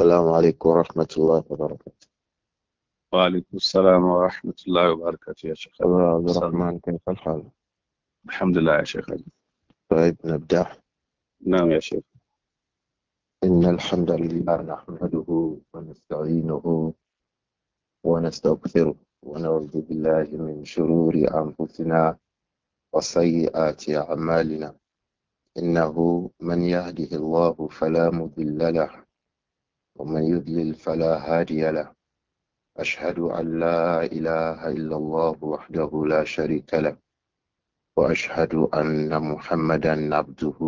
السلام عليكم ورحمة الله وبركاته وعليكم السلام ورحمة الله وبركاته يا شيخ عبد الرحمن كيف الحال؟ الحمد لله يا شيخ طيب نبدأ نعم يا شيخ إن الحمد لله نحمده ونستعينه ونستغفره ونعوذ بالله من شرور أنفسنا وسيئات أعمالنا إنه من يهده الله فلا مضل له ومن يضلل فلا هادي له أشهد أن لا إله إلا الله وحده لا شريك له وأشهد أن محمدا عبده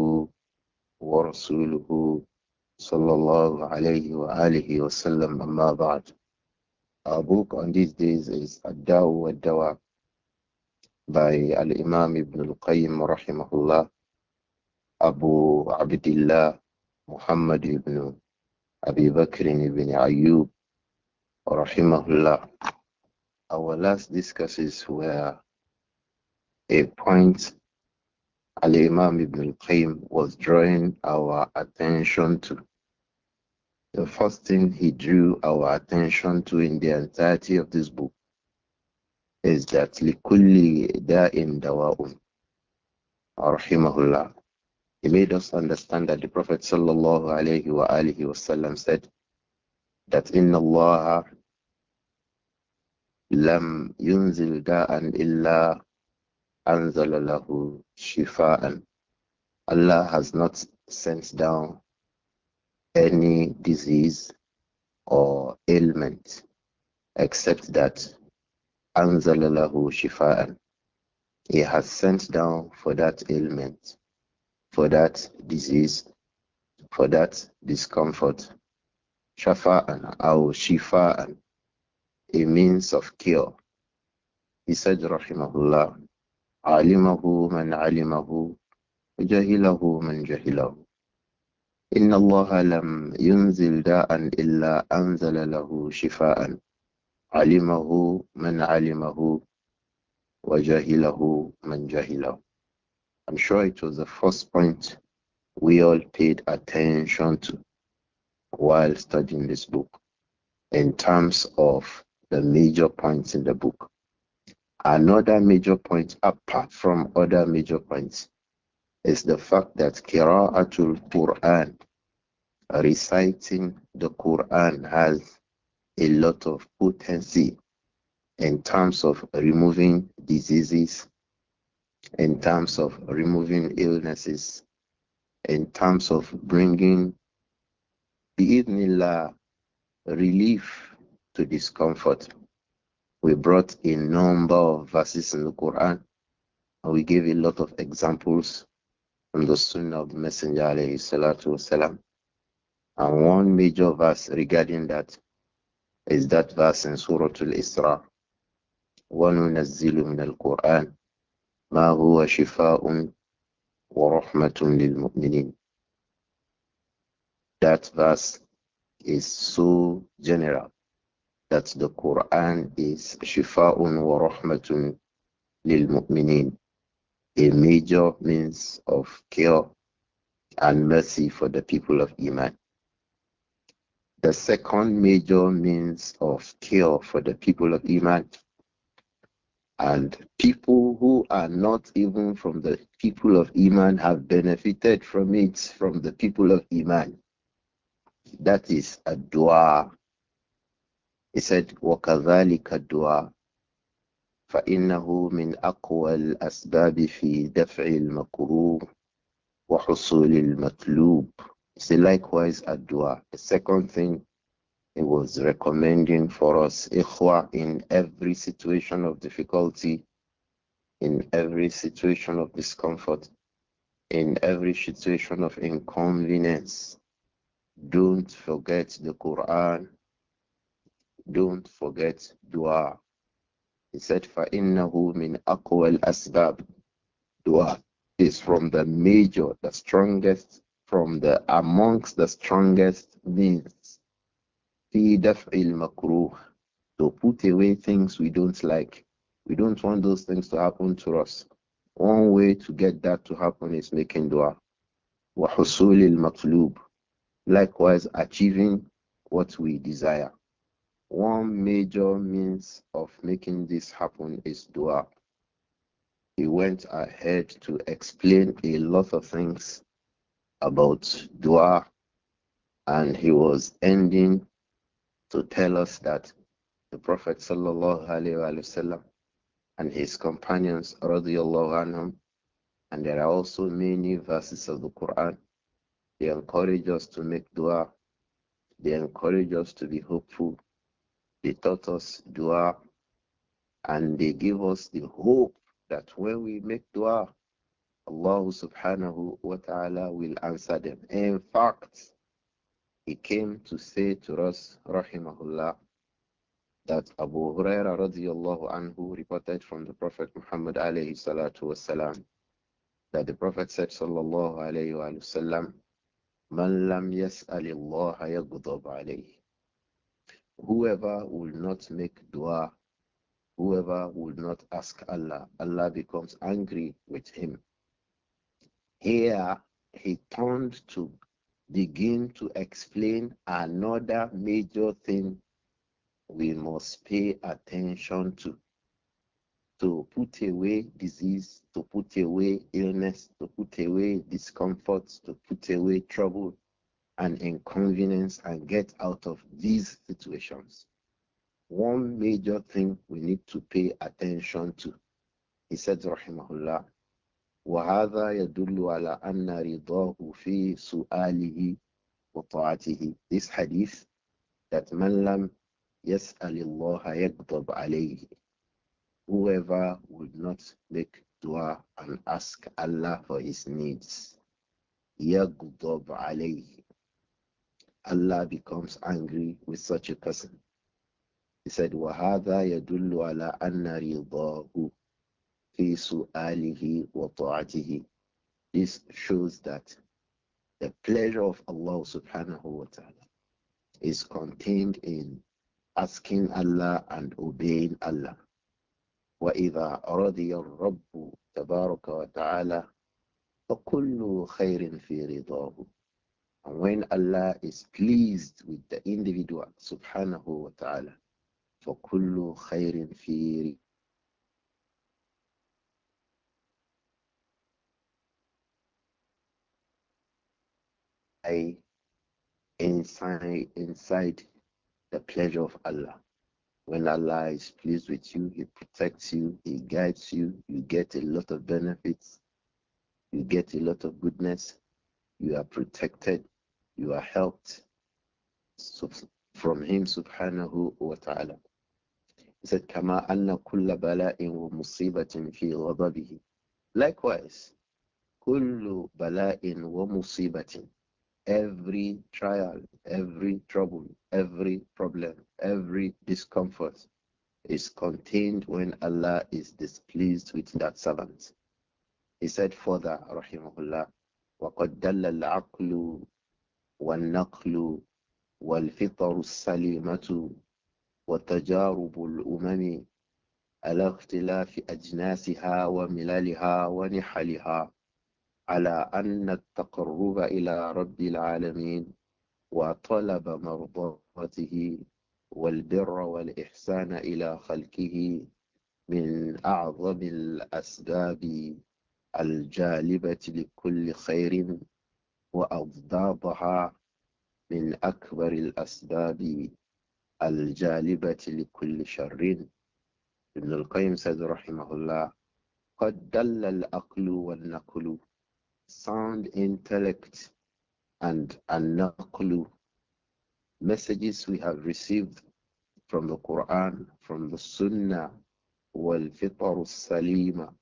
ورسوله صلى الله عليه وآله وسلم أما بعد Our book on these days is Ad-Daw Ad-Dawa by Al-Imam Ibn Al-Qayyim rahimahullah Abu Abdullah Muhammad ibn Abu Bakr ibn Ayyub, rahimahullah. Our last discussions were a point Al-Imam ibn al-Qayyim was drawing our attention to. The first thing he drew our attention to in the entirety of this book is that لِكُلِّ دَاءٍ دَوَاءٌ rahimahullah he made us understand that the Prophet sallallahu alaihi wasallam said that Inna Allah lam yunzil da'an illa anzala lahu shifa'an. Allah has not sent down any disease or ailment except that anzala lahu shifa'an. He has sent down for that ailment for that disease, for that discomfort. Shafa and Aw Shifa and a means of cure. He said Rahimahullah Alimahu man alimahu وجهله man جهله إن الله لم ينزل داء إلا أنزل له شفاء علمه من علمه وجهله من جهله I'm sure it was the first point we all paid attention to while studying this book in terms of the major points in the book. Another major point, apart from other major points, is the fact that Qira'atul Quran, reciting the Quran, has a lot of potency in terms of removing diseases in terms of removing illnesses, in terms of bringing bi'idhnillah relief to discomfort. We brought a number of verses in the Quran and we gave a lot of examples from the Sunnah of the Messenger And one major verse regarding that is that verse in Surah Al-Isra. وَنُنَزِّلُ مِنَ الْقُرْآنِ ما هو شفاء ورحمة للمؤمنين That verse is so general that the Quran is شفاء lil Mu'minin. a major means of care and mercy for the people of Iman. The second major means of care for the people of Iman and people who are not even from the people of Iman have benefited from it from the people of Iman. That is a dua. He said, وَكَذَلِكَ الدُّعَى فَإِنَّهُ مِنْ أَقْوَى الْأَسْبَابِ فِي دَفْعِ الْمَكْرُوهِ وَحُصُولِ الْمَطْلُوبِ said, likewise a dua. The second thing he was recommending for us ikhwa in every situation of difficulty, in every situation of discomfort, in every situation of inconvenience. Don't forget the Quran. Don't forget dua. He said, فَإِنَّهُ min akhwal الْأَسْبَابِ Dua is from the major, the strongest, from the amongst the strongest means fi daf'il makruh to put away things we don't like. We don't want those things to happen to us. One way to get that to happen is making dua. Wa husulil Likewise, achieving what we desire. One major means of making this happen is dua. He went ahead to explain a lot of things about dua, and he was ending to tell us that the Prophet and his companions عنهم, and there are also many verses of the Quran. They encourage us to make dua. They encourage us to be hopeful. They taught us dua and they give us the hope that when we make dua, Allah subhanahu wa ta'ala will answer them. In fact, he came to say to us, rahimahullah, that Abu Huraira radiallahu anhu reported from the Prophet Muhammad alayhi salatu wasalam, that the Prophet said sallallahu alayhi wa sallam, Man lam alayhi. Whoever will not make dua, whoever will not ask Allah, Allah becomes angry with him. Here, he turned to begin to explain another major thing we must pay attention to to put away disease, to put away illness, to put away discomforts, to put away trouble and inconvenience and get out of these situations. One major thing we need to pay attention to, he said, Rahimahullah, وهذا يدل على أن رضاه في سؤاله وطاعته This hadith that من لم يسأل الله يغضب عليه Whoever would not make dua and ask Allah for his needs يغضب عليه Allah becomes angry with such a person. He said, وَهَذَا يَدُلُّ عَلَىٰ أَنَّ رِضَاهُ this shows that the pleasure of Allah subhanahu wa ta'ala is contained in asking Allah and obeying Allah. وَإِذَا رَضِيَ الرَّبُّ تَبَارَكَ وَتَعَالَى فَكُلُّ خَيْرٍ فِي رِضَاهُ And when Allah is pleased with the individual, subhanahu wa ta'ala, فَكُلُّ خَيْرٍ فِي I inside inside the pleasure of Allah. When Allah is pleased with you, He protects you, He guides you, you get a lot of benefits, you get a lot of goodness, you are protected, you are helped from Him subhanahu wa ta'ala. He said, Kama anna kulla bala'in wa musibatin fi ghadabihi. Likewise, kullu bala'in wa musibatin every trial, every trouble, every problem, every discomfort is contained when Allah is displeased with that servant. He said further, Rahimahullah, وَقَدْ دَلَّ الْعَقْلُ وَالنَّقْلُ وَالْفِطَرُ السَّلِيمَةُ وَتَجَارُبُ الْأُمَمِ على اختلاف أجناسها وملالها ونحلها على أن التقرب إلى رب العالمين وطلب مرضاته والبر والإحسان إلى خلقه من أعظم الأسباب الجالبة لكل خير وأضدادها من أكبر الأسباب الجالبة لكل شر ابن القيم سيد رحمه الله قد دل الأقل والنقل sound intellect and anaklu messages we have received from the Quran, from the Sunnah, wal fitr salima,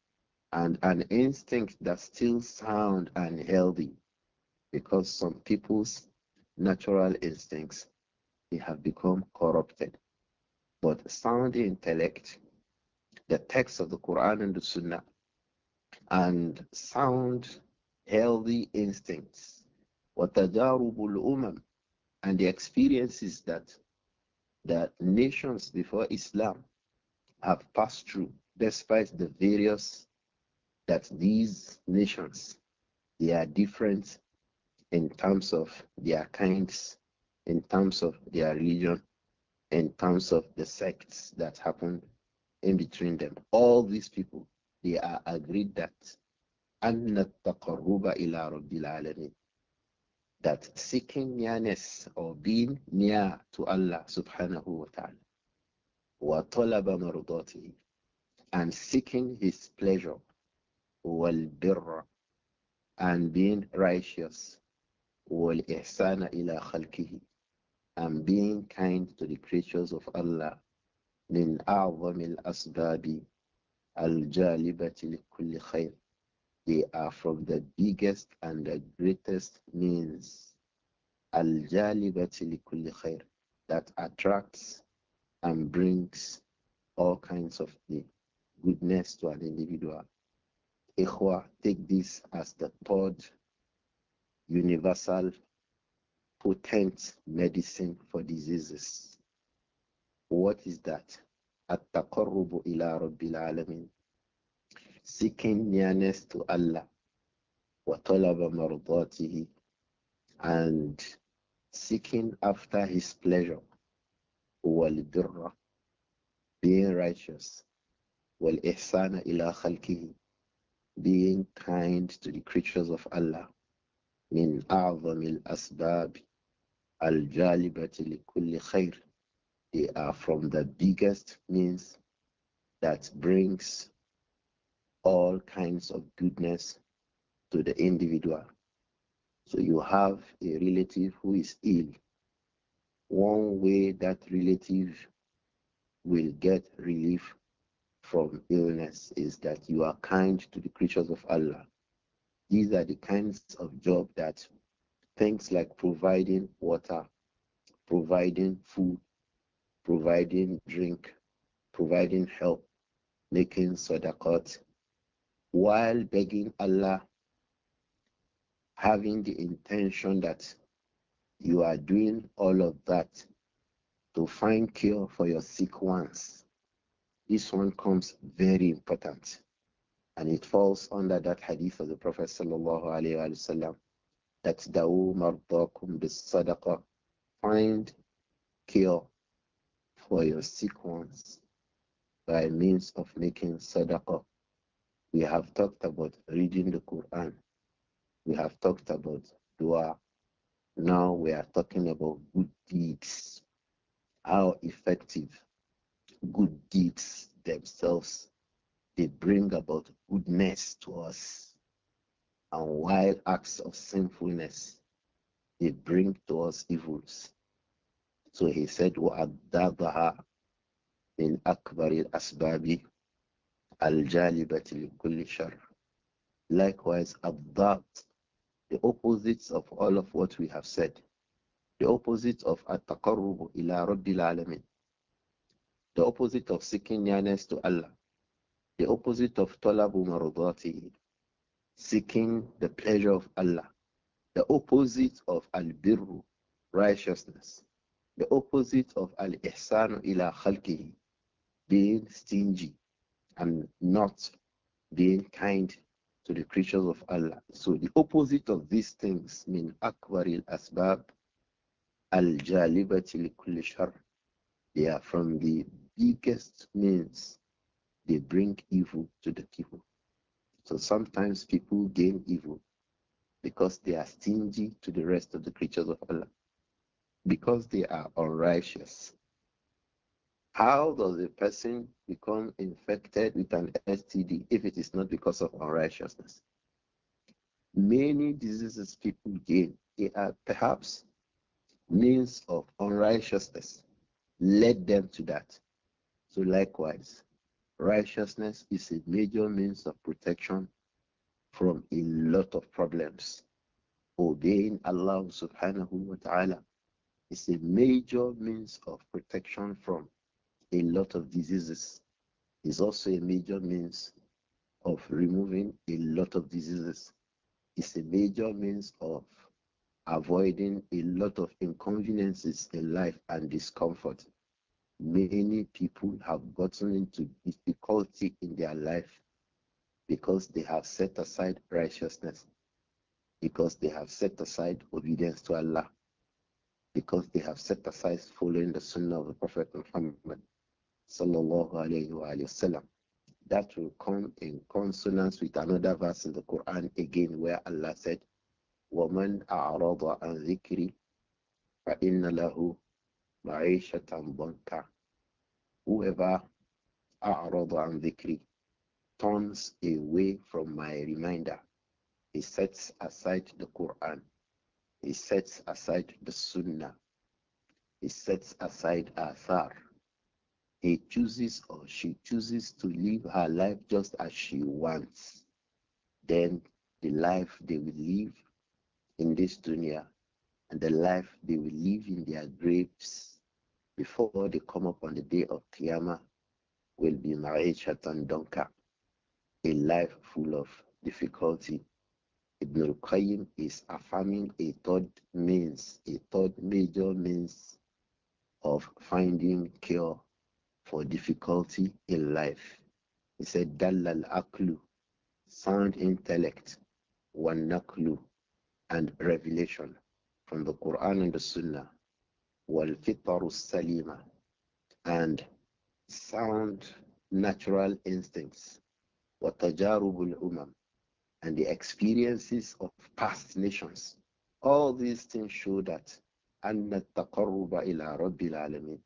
and an instinct that's still sound and healthy, because some people's natural instincts they have become corrupted. But sound intellect, the text of the Quran and the Sunnah, and sound healthy instincts. وَتَجَارُبُ الْأُمَمِ And the experiences that the nations before Islam have passed through, despite the various that these nations, they are different in terms of their kinds, in terms of their religion, in terms of the sects that happened in between them. All these people, they are agreed that أن التقرب إلى رب العالمين that seeking nearness or being near to Allah subhanahu wa ta'ala مرضاته and seeking his pleasure والبر and being righteous والإحسان إلى خلقه and being kind to the creatures of Allah من أعظم الأسباب الجالبة لكل خير They are from the biggest and the greatest means that attracts and brings all kinds of goodness to an individual. Ikhwa, take this as the third universal potent medicine for diseases. What is that? at ila alamin seeking nearness to Allah, وَطَلَبَ مَرْضَاتِهِ and seeking after his pleasure, وَالْبِرَّ being righteous, وَالْإِحْسَانَ إِلَى خَلْقِهِ being kind to the creatures of Allah, من أعظم الأسباب الجالبة لكل خير they are from the biggest means that brings all kinds of goodness to the individual. So you have a relative who is ill. One way that relative will get relief from illness is that you are kind to the creatures of Allah. These are the kinds of job that things like providing water, providing food, providing drink, providing help, making sadaqat, while begging Allah, having the intention that you are doing all of that to find cure for your sick ones. This one comes very important and it falls under that hadith of the Prophet sallallahu alaihi wasallam that dawu mardakum find cure for your sick ones by means of making sadaqah we have talked about reading the Quran. We have talked about dua. Now we are talking about good deeds. How effective good deeds themselves they bring about goodness to us and while acts of sinfulness they bring to us evils so he said وَأَدَّابَهَا in أَكْبَرِ asbabi Al-Jalibati kulli shar. Likewise, Abdat, the opposites of all of what we have said. The opposite of At-Taqarrub ila Rabbil Alamin. The opposite of seeking nearness to Allah. The opposite of Talabu Marudatihi. Seeking the pleasure of Allah. The opposite of Al-Birru, righteousness. The opposite of Al-Ihsanu ila Khalkihi, being stingy and not being kind to the creatures of Allah. So the opposite of these things mean akbaril asbab al jalibati li shar. They are from the biggest means they bring evil to the people. So sometimes people gain evil because they are stingy to the rest of the creatures of Allah, because they are unrighteous, how does a person become infected with an STD if it is not because of unrighteousness? Many diseases people gain, they are perhaps means of unrighteousness led them to that. So likewise, righteousness is a major means of protection from a lot of problems. Obeying Allah subhanahu wa ta'ala is a major means of protection from a lot of diseases. Is also a major means of removing a lot of diseases. It's a major means of avoiding a lot of inconveniences in life and discomfort. Many people have gotten into difficulty in their life because they have set aside righteousness, because they have set aside obedience to Allah, because they have set aside following the Sunnah of the Prophet Muhammad sallallahu alayhi wa sallam. That will come in consonance with another verse in the Quran again where Allah said, وَمَنْ أَعْرَضَ عَنْ ذِكْرِي فَإِنَّ لَهُ مَعِيشَةً ضَنْكَ Whoever أَعْرَضَ عَنْ ذِكْرِي turns away from my reminder. He sets aside the Quran. He sets aside the Sunnah. He sets aside Athar he chooses or she chooses to live her life just as she wants, then the life they will live in this dunya and the life they will live in their graves before they come up on the day of Qiyamah will be Ma'ishatan Donka, a life full of difficulty. Ibn al-Qayyim is affirming a third means, a third major means of finding cure for difficulty in life. He said, Dallal Aklu, sound intellect, wan naklu, and revelation from the Quran and the Sunnah, wal fitaru salima, and sound natural instincts, watajarubul umam, and the experiences of past nations. All these things show that أن التقرب إلى رب العالمين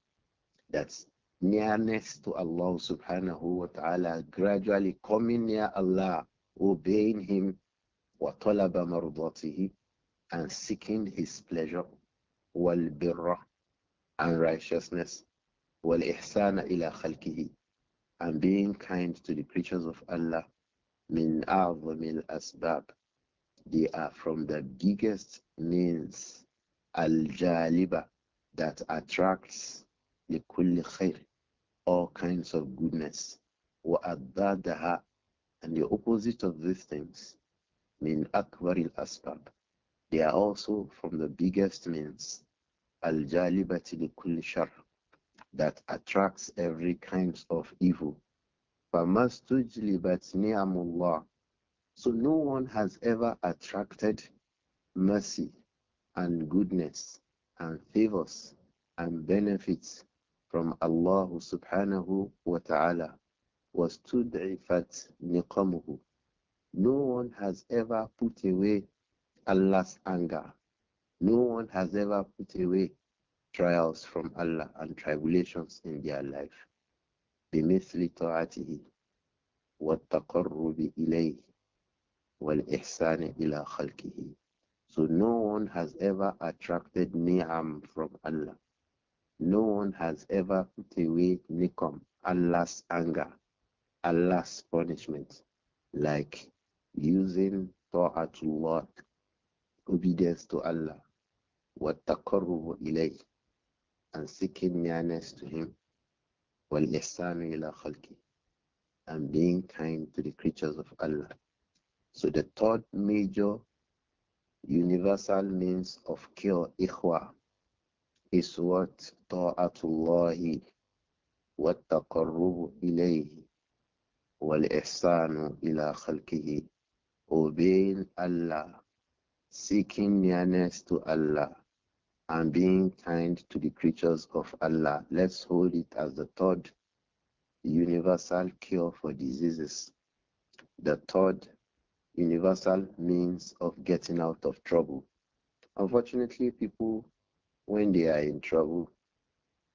that nearness to Allah subhanahu wa ta'ala, gradually coming near Allah, obeying Him, وَطَلَبَ and seeking His pleasure, وَالْبِرَّ and righteousness, وَالْإِحْسَانَ إِلَى خَلْقِهِ and being kind to the creatures of Allah, مِنْ أَعْظَمِ الْأَسْبَابِ They are from the biggest means, al-jaliba, that attracts لِكُلِّ خَيْرٍ all kinds of goodness. وَأَضَّادَهَا And the opposite of these things, min akbaril asbab. They are also from the biggest means, al-jalibati kulli shar, that attracts every kinds of evil. فَمَسْتُجْلِبَتْ نِعَمُ اللَّهِ So no one has ever attracted mercy and goodness and favors and benefits from Allah subhanahu wa ta'ala was fat niqamuhu. No one has ever put away Allah's anger. No one has ever put away trials from Allah and tribulations in their life. بمثل طاعته والتقرب إليه والإحسان إلى خلقه. So no one has ever attracted ni'am from Allah no one has ever put away Nikom, Allah's anger, Allah's punishment, like using Ta'atullah, obedience to Allah, wa taqarrubu ilayh, and seeking nearness to Him, wal ihsanu ila Khalki, and being kind to the creatures of Allah. So the third major universal means of cure, ikhwa, is what ta'atullahi wa taqarrub ilayhi wal ihsanu ila khalqihi obeying Allah seeking nearness to Allah and being kind to the creatures of Allah let's hold it as the third universal cure for diseases the third universal means of getting out of trouble unfortunately people when they are in trouble,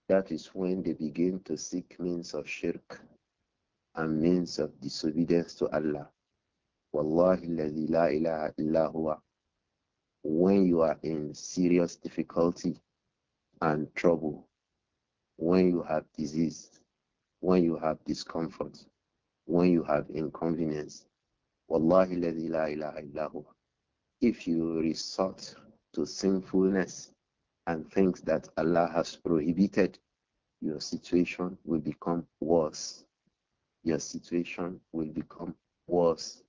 that is when they begin to seek means of shirk and means of disobedience to Allah. Wallahi la ilaha illa huwa. When you are in serious difficulty and trouble, when you have disease, when you have discomfort, when you have inconvenience, Wallahi la ilaha illa huwa. If you resort to sinfulness and things that Allah has prohibited, your situation will become worse. Your situation will become worse.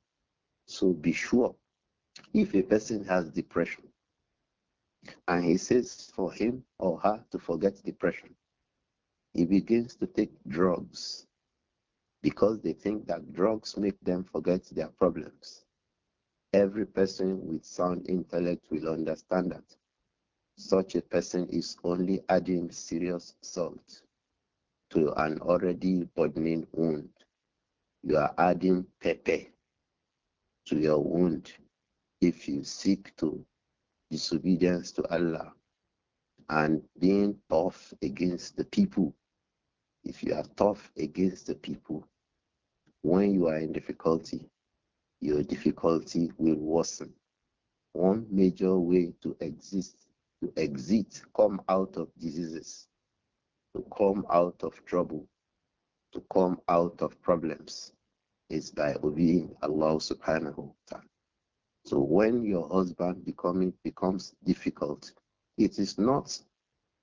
So be sure if a person has depression and he says for him or her to forget depression, he begins to take drugs because they think that drugs make them forget their problems. Every person with sound intellect will understand that such a person is only adding serious salt to an already burning wound. You are adding pepper to your wound if you seek to disobedience to Allah and being tough against the people. If you are tough against the people, when you are in difficulty, your difficulty will worsen. One major way to exist to exit, come out of diseases, to come out of trouble, to come out of problems is by obeying Allah subhanahu wa ta'ala. So when your husband becoming becomes difficult, it is not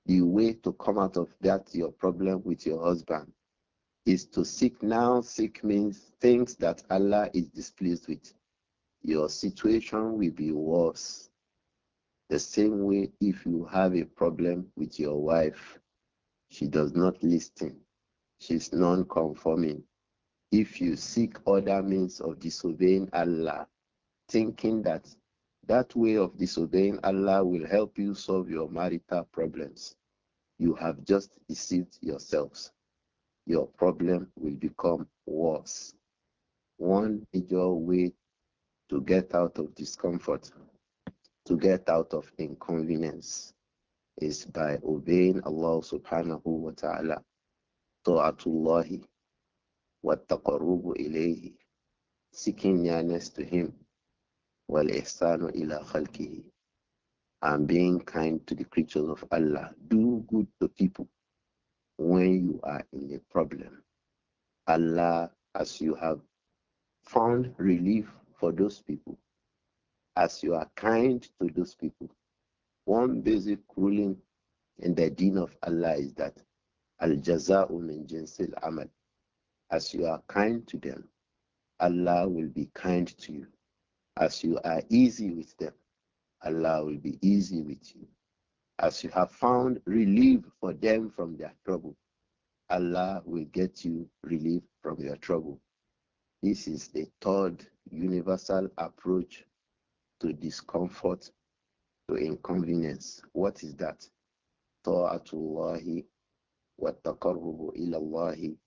the way to come out of that your problem with your husband is to seek now seek means things that Allah is displeased with. Your situation will be worse. The same way, if you have a problem with your wife, she does not listen, she's non conforming. If you seek other means of disobeying Allah, thinking that that way of disobeying Allah will help you solve your marital problems, you have just deceived yourselves. Your problem will become worse. One major way to get out of discomfort to get out of inconvenience is by obeying Allah subhanahu wa ta'ala. Ta'atullahi wa taqarubu ilayhi. Seeking nearness to Him. Wal ihsanu ila khalqihi. And being kind to the creatures of Allah. Do good to people when you are in a problem. Allah, as you have found relief for those people, as you are kind to those people. One basic ruling in the deen of Allah is that al jaza'u min jinsil amal. As you are kind to them, Allah will be kind to you. As you are easy with them, Allah will be easy with you. As you have found relief for them from their trouble, Allah will get you relief from your trouble. This is the third universal approach to discomfort, to inconvenience. What is that? Ta'atullahi wa taqarrubu ila Allahi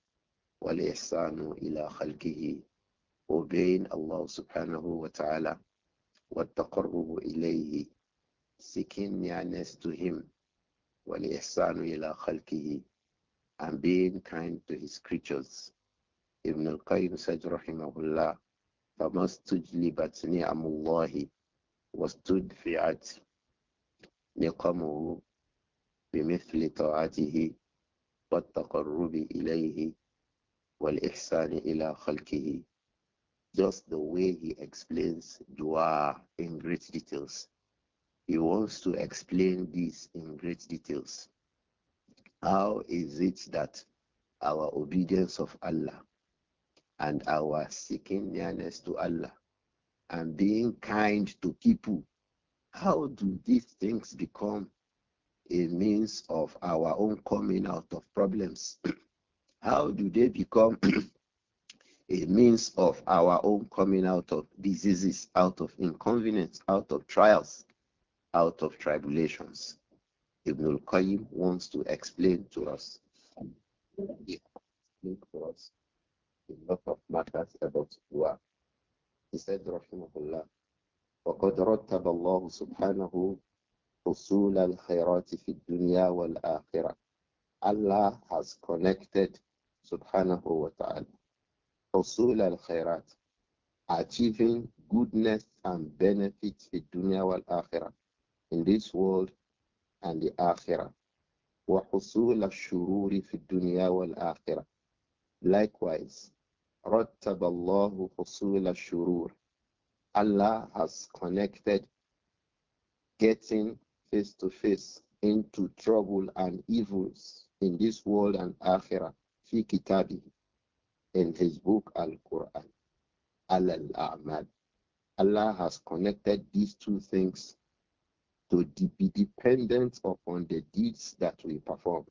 wa ihsanu ila khalqihi. Obeying Allah subhanahu wa ta'ala wa taqarrubu ilayhi. Seeking nearness to Him wa ihsanu ila khalqihi. And being kind to His creatures. Ibn al-Qayyim said, rahimahullah, فما استجلبت الله واستدفعت نقمه بمثل طاعته والتقرب إليه والإحسان إلى خلقه just the way he explains dua in great details. He wants to explain this in great details. How is it that our obedience of Allah and our seeking nearness to Allah and being kind to people. How do these things become a means of our own coming out of problems? How do they become a means of our own coming out of diseases, out of inconvenience, out of trials, out of tribulations? Ibn al-Qayyim wants to explain to us. He explained to us a lot of matters about dua. He said, Rahimahullah, وَقَدْ رَتَّبَ اللَّهُ سُبْحَانَهُ حُصُولَ الْخَيْرَاتِ فِي الدُّنْيَا وَالْآخِرَةِ Allah has connected, subhanahu wa ta'ala, حُصُولَ الْخَيْرَاتِ Achieving goodness and benefits في الدنيا والآخرة in this world and the آخرة وحصول الشرور في الدنيا والآخرة likewise Allah has connected getting face to face into trouble and evils in this world and akhirah fi kitabi in his book al-Quran al-A'mal Allah has connected these two things to be dependent upon the deeds that we perform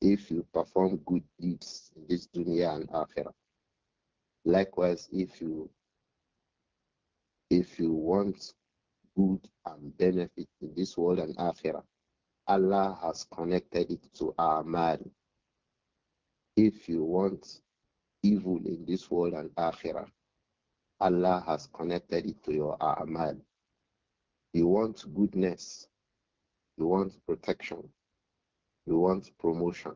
if you perform good deeds in this dunya and akhirah. Likewise, if you if you want good and benefit in this world and akhirah, Allah has connected it to our man. If you want evil in this world and akhirah, Allah has connected it to your amal. You want goodness, you want protection, you want promotion.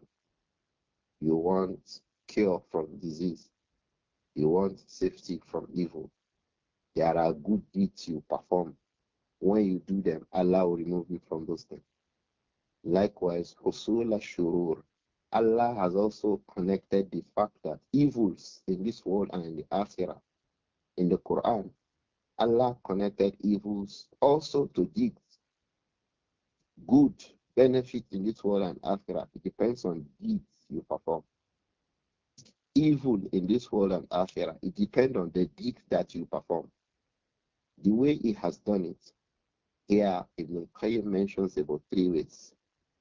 You want cure from disease. You want safety from evil. There are good deeds you perform. When you do them, Allah will remove you from those things. Likewise, Husula Shurur, Allah has also connected the fact that evils in this world and in the Akhirah, in the Quran, Allah connected evils also to deeds. Good benefit in this world and afterlife. It depends on deeds you perform. Evil in this world and afterlife, it depends on the deed that you perform. The way he has done it, here Ibn Qayyim mentions about three ways.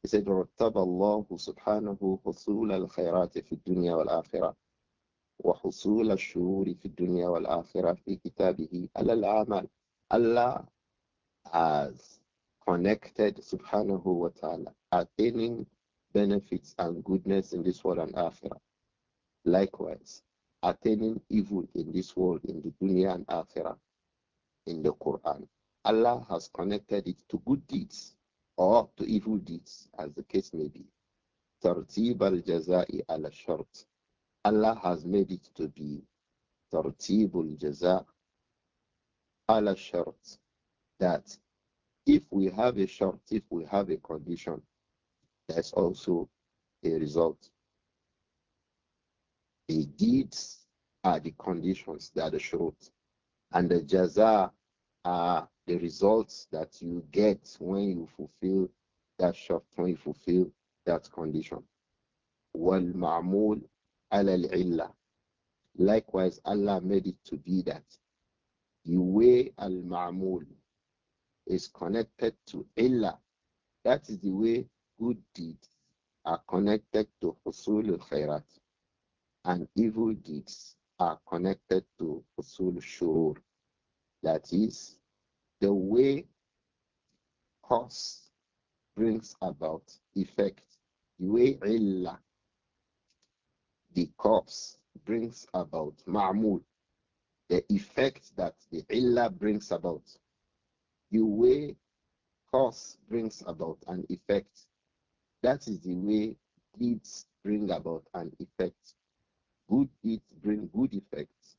He said, رتب الله سبحانه حصول الخيرات في الدنيا والآخرة وحصول الشرور في الدنيا والآخرة في كتابه على الأعمال. Allah has connected, subhanahu wa ta'ala, attaining benefits and goodness in this world and after. Likewise, attaining evil in this world, in the dunya and akhirah, in the Quran. Allah has connected it to good deeds or to evil deeds, as the case may be. Tartib al jazai al shart. Allah has made it to be tartib al jazai al shart, that if we have a shot, if we have a condition, that's also a result. The deeds are the conditions that are short, and the jaza are the results that you get when you fulfill that shot when you fulfill that condition. وَالْمَعْمُولِ عَلَى الْعِلَّةِ Likewise, Allah made it to be that. the way al-ma'mul, is connected to Illa. That is the way good deeds are connected to Husul Khairat and evil deeds are connected to Husul Shur. That is the way cause brings about effect. The way Illa, the cause brings about Ma'mul, the effect that the Illa brings about the way cause brings about an effect. That is the way deeds bring about an effect. Good deeds bring good effects.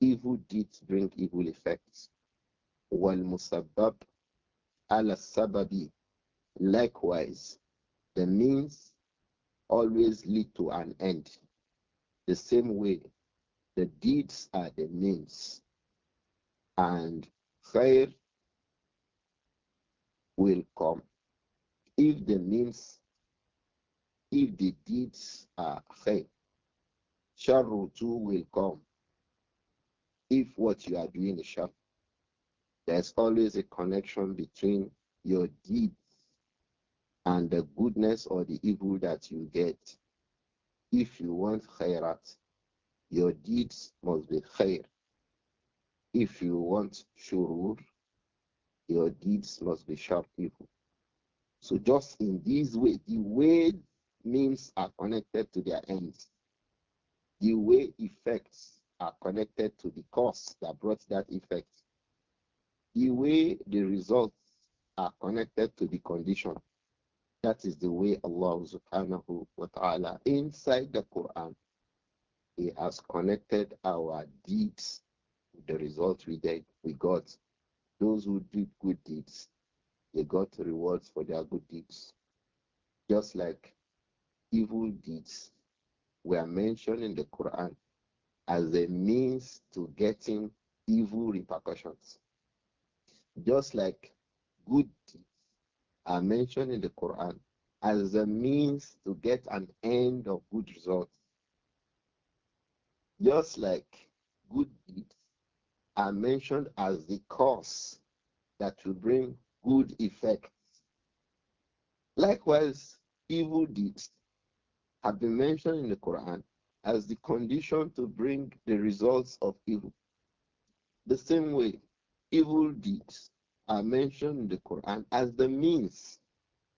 Evil deeds bring evil effects. Wal musabab ala sababi. Likewise, the means always lead to an end. The same way, the deeds are the means. And khair will come if the means, if the deeds are fair. Sharru too will come if what you are doing is sharp. There's always a connection between your deeds and the goodness or the evil that you get. If you want khairat, your deeds must be khair. If you want shurur, your deeds must be sharp people. So just in this way, the way means are connected to their ends. The way effects are connected to the cause that brought that effect. The way the results are connected to the condition. That is the way Allah subhanahu wa ta'ala inside the Quran. He has connected our deeds the results we did we got those who did good deeds, they got rewards for their good deeds. Just like evil deeds were mentioned in the Quran as a means to getting evil repercussions. Just like good deeds are mentioned in the Quran as a means to get an end of good results. Just like good deeds are mentioned as the cause that will bring good effects. Likewise, evil deeds have been mentioned in the Quran as the condition to bring the results of evil. The same way, evil deeds are mentioned in the Quran as the means.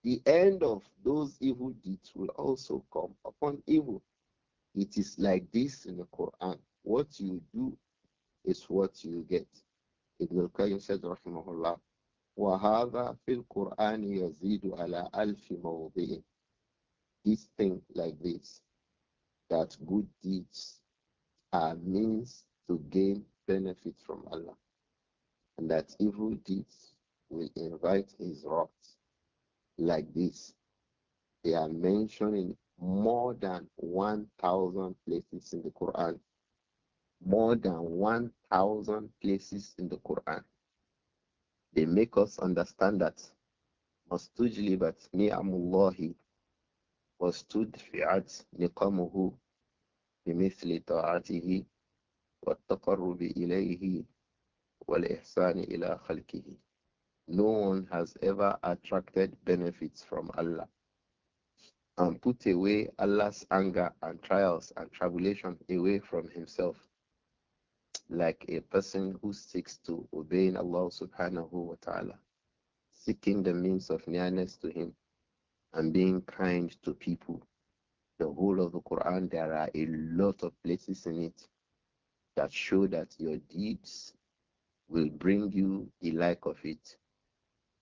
The end of those evil deeds will also come upon evil. It is like this in the Quran. What you do is what you get. Ibn al-Qayyim says, rahimahullah, وَهَذَا فِي الْقُرْآنِ يَزِيدُ عَلَى أَلْفِ مَوْضِئٍ This thing like this, that good deeds are means to gain benefit from Allah, and that evil deeds will invite His wrath. Like this, they are mentioned in more than 1,000 places in the Quran more than 1,000 places in the Quran. They make us understand that Mastujlibat ni'amullahi wastudfi'at niqamuhu بمثل طاعته والتقرب إليه والإحسان ila خلقه no one has ever attracted benefits from Allah and put away Allah's anger and trials and tribulation away from himself like a person who seeks to obey Allah subhanahu wa ta'ala, seeking the means of nearness to Him and being kind to people. The whole of the Quran, there are a lot of places in it that show that your deeds will bring you the like of it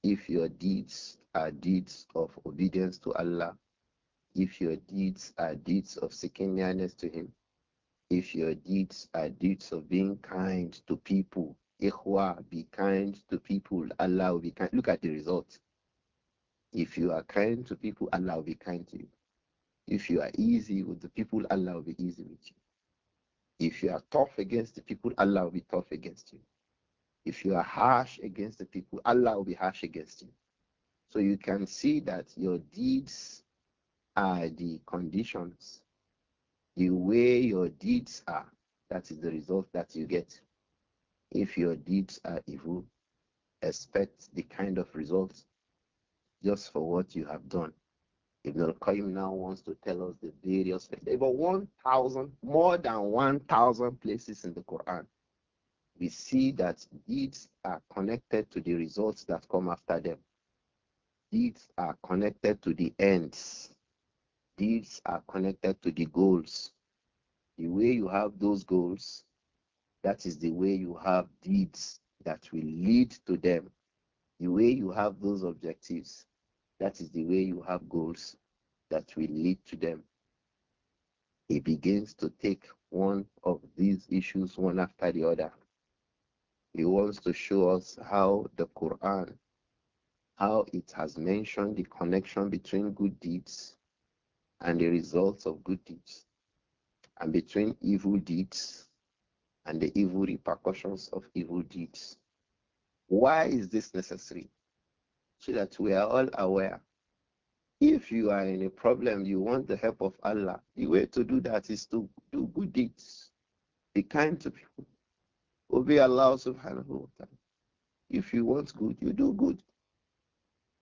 if your deeds are deeds of obedience to Allah, if your deeds are deeds of seeking nearness to Him, if your deeds are deeds of being kind to people, Ikhwa, be kind to people, Allah will be kind. Look at the results. If you are kind to people, Allah will be kind to you. If you are easy with the people, Allah will be easy with you. If you are tough against the people, Allah will be tough against you. If you are harsh against the people, Allah will be harsh against you. So you can see that your deeds are the conditions the way your deeds are, that is the result that you get. If your deeds are evil, expect the kind of results just for what you have done. Ibn al-Qayyim now wants to tell us the various places, about 1,000, more than 1,000 places in the Quran. We see that deeds are connected to the results that come after them. Deeds are connected to the ends deeds are connected to the goals. The way you have those goals, that is the way you have deeds that will lead to them. The way you have those objectives, that is the way you have goals that will lead to them. He begins to take one of these issues one after the other. He wants to show us how the Quran, how it has mentioned the connection between good deeds and the results of good deeds, and between evil deeds and the evil repercussions of evil deeds. Why is this necessary? So that we are all aware. If you are in a problem, you want the help of Allah, the way to do that is to do good deeds, be kind to people, obey Allah subhanahu wa ta'ala. If you want good, you do good.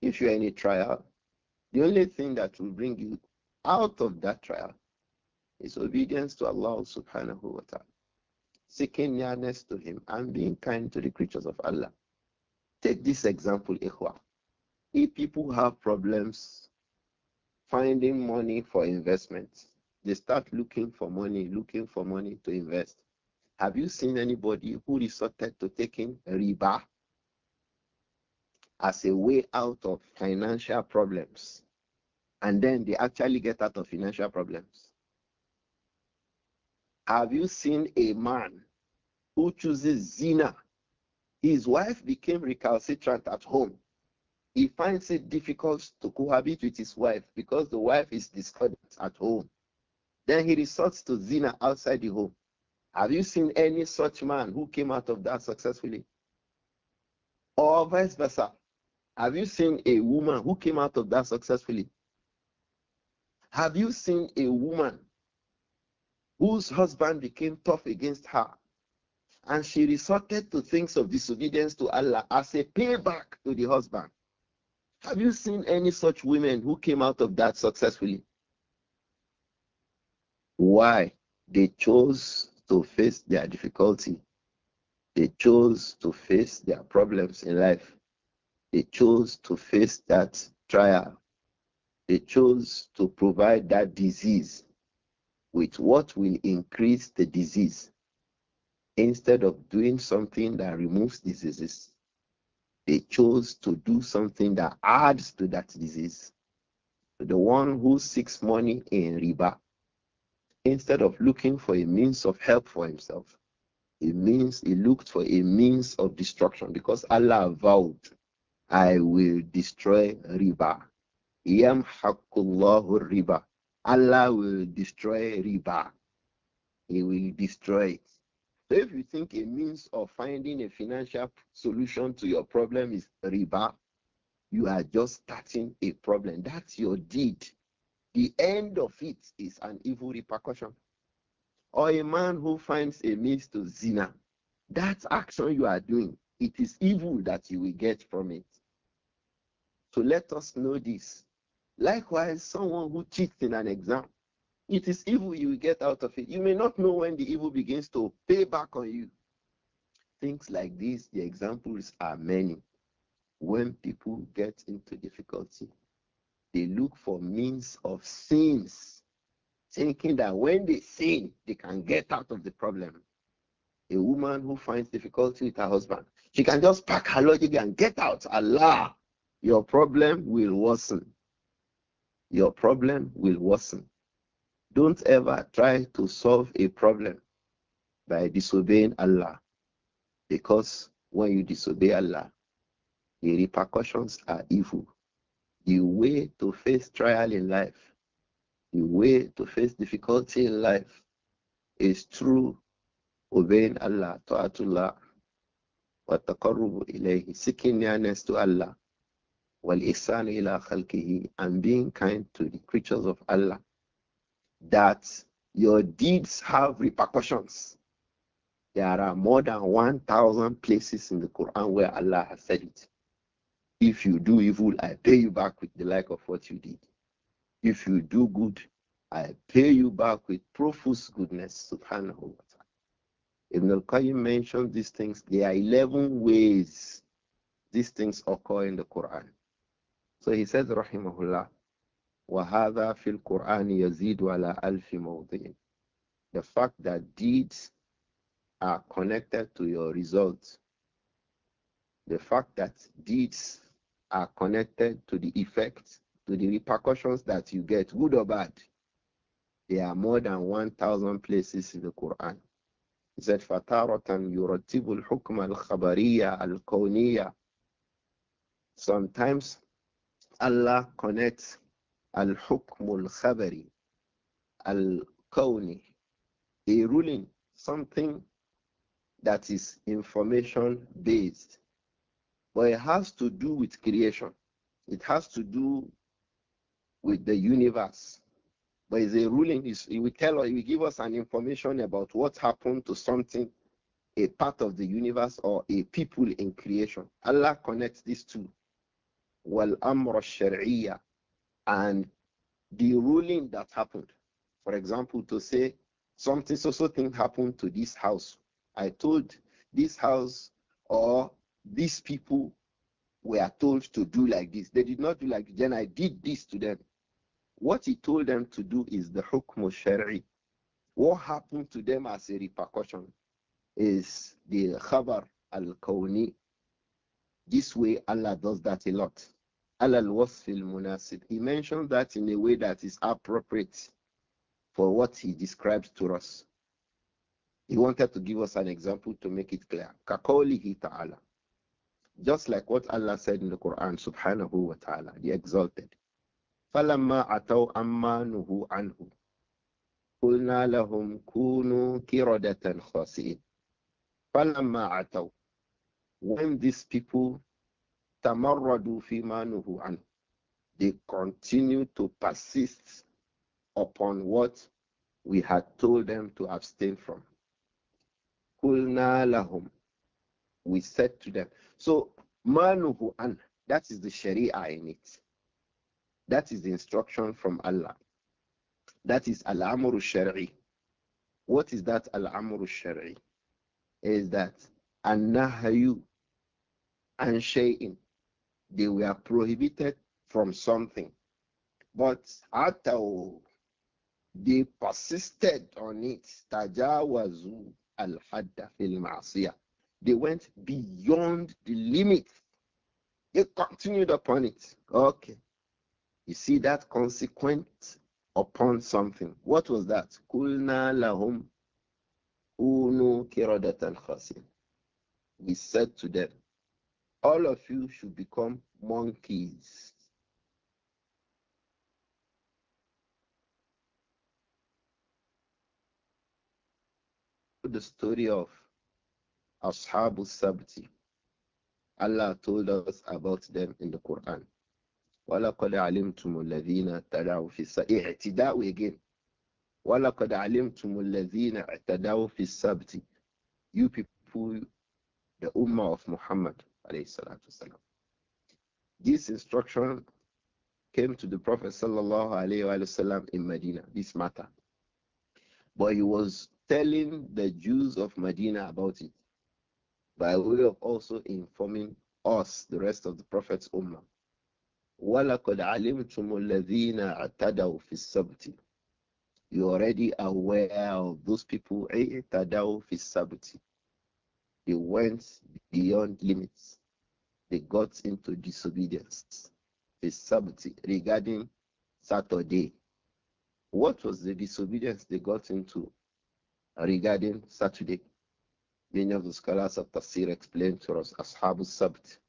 If you are in a trial, the only thing that will bring you out of that trial is obedience to Allah subhanahu wa ta'ala, seeking nearness to Him and being kind to the creatures of Allah. Take this example, Ikhwa. If people have problems finding money for investments, they start looking for money, looking for money to invest. Have you seen anybody who resorted to taking riba as a way out of financial problems? and then they actually get out of financial problems. Have you seen a man who chooses zina? His wife became recalcitrant at home. He finds it difficult to cohabit with his wife because the wife is discordant at home. Then he resorts to zina outside the home. Have you seen any such man who came out of that successfully? Or vice versa? Have you seen a woman who came out of that successfully? Have you seen a woman whose husband became tough against her and she resorted to things of disobedience to Allah as a payback to the husband? Have you seen any such women who came out of that successfully? Why? They chose to face their difficulty. They chose to face their problems in life. They chose to face that trial they chose to provide that disease with what will increase the disease instead of doing something that removes diseases. They chose to do something that adds to that disease. The one who seeks money in riba, instead of looking for a means of help for himself, he means he looked for a means of destruction because Allah vowed, I will destroy riba. Yamhaqullahu riba. Allah will destroy riba. He will destroy it. So if you think a means of finding a financial solution to your problem is riba, you are just starting a problem. That's your deed. The end of it is an evil repercussion. Or a man who finds a means to zina, that action you are doing, it is evil that you will get from it. So let us know this. Likewise, someone who cheats in an exam, it is evil you get out of it. You may not know when the evil begins to pay back on you. Things like this, the examples are many. When people get into difficulty, they look for means of sins, thinking that when they sin, they can get out of the problem. A woman who finds difficulty with her husband, she can just pack her luggage and get out. Allah, your problem will worsen your problem will worsen. Don't ever try to solve a problem by disobeying Allah. Because when you disobey Allah, the repercussions are evil. The way to face trial in life, the way to face difficulty in life is through obeying Allah, ta'atullah, wa taqarrubu ilayhi, seeking nearness to Allah, وَالْإِحْسَانُ إِلَىٰ خَلْقِهِ and being kind to the creatures of Allah, that your deeds have repercussions. There are more than 1,000 places in the Quran where Allah has said it. If you do evil, I pay you back with the like of what you did. If you do good, I pay you back with profuse goodness, subhanahu wa ta'ala. Ibn al-Qayyim mentioned these things. There are 11 ways these things occur in the Quran. So he says, Rahimahullah, وَهَذَا فِي الْقُرْآنِ يَزِيدُ عَلَىٰ أَلْفِ مَوْضِعٍ The fact that deeds are connected to your results, the fact that deeds are connected to the effects, to the repercussions that you get, good or bad. There are more than 1,000 places in the Quran. He said, فَتَارَةً يُرَتِّبُ الْحُكْمَ الْخَبَرِيَّ الْكَوْنِيَّ Sometimes Allah connects al-hukmul khabari, al-kawni, a ruling, something that is information based. But it has to do with creation. It has to do with the universe. But it's a ruling. It's, it will tell us, it will give us an information about what happened to something, a part of the universe or a people in creation. Allah connects these two. Well, amr Sharia, and the ruling that happened. For example, to say something so so thing happened to this house. I told this house or these people were told to do like this. They did not do like this. Then I did this to them. What he told them to do is the hukm shari. What happened to them as a repercussion is the khabar al kawni. This way Allah does that a lot alal wasfil munasib. He mentioned that in a way that is appropriate for what he describes to us. He wanted to give us an example to make it clear. Kakolihi ta'ala. Just like what Allah said in the Quran, subhanahu wa ta'ala, the exalted. فَلَمَّا ataw أَمَّا anhu. عَنْهُ قُلْنَا لَهُمْ كُونُوا كِرَدَةً خَاسِئِينَ فَلَمَّا أَتَوْا When these people istamarradu fima nuhu anhu. They continue to persist upon what we had told them to abstain from. Kulna lahum. We said to them. So manuhu an. That is the Sharia in it. That is the instruction from Allah. That is al amru shari. What is that al amru shari? Is that an nahyu an shay'in they were prohibited from something. But Ataw, they persisted on it. Tajawazu al fil They went beyond the limit. They continued upon it. Okay. You see that consequent upon something. What was that? Kulna lahum unu We said to them, all of you should become monkeys. The story of Ashabu Sabti. Allah told us about them in the Quran. ولقد علمتم الذين في السبت اعتداء again ولقد علمتم الذين اعتدوا في السبت you people the ummah of Muhammad this instruction came to the Prophet وسلم, in Medina, this matter. But he was telling the Jews of Medina about it by way of also informing us, the rest of the Prophet's Ummah. وَلَقَدْ عَلِمْتُمُ الَّذِينَ اعْتَدَوْا فِي السَّبْتِ You're already aware of those people اعْتَدَوْا فِي السَّبْتِ they went beyond limits. They got into disobedience. The Sabbath regarding Saturday. What was the disobedience they got into regarding Saturday? Many of the scholars of Tafsir explained to us Habu Sabbath.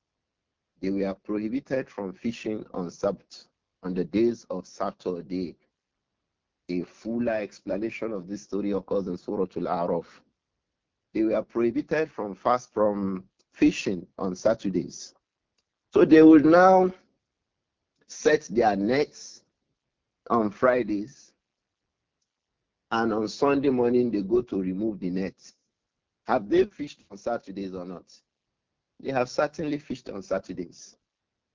They were prohibited from fishing on Sabbath, on the days of Saturday. A fuller explanation of this story occurs in Surah Al-Araf they were prohibited from fast from fishing on Saturdays. So they would now set their nets on Fridays, and on Sunday morning they go to remove the nets. Have they fished on Saturdays or not? They have certainly fished on Saturdays.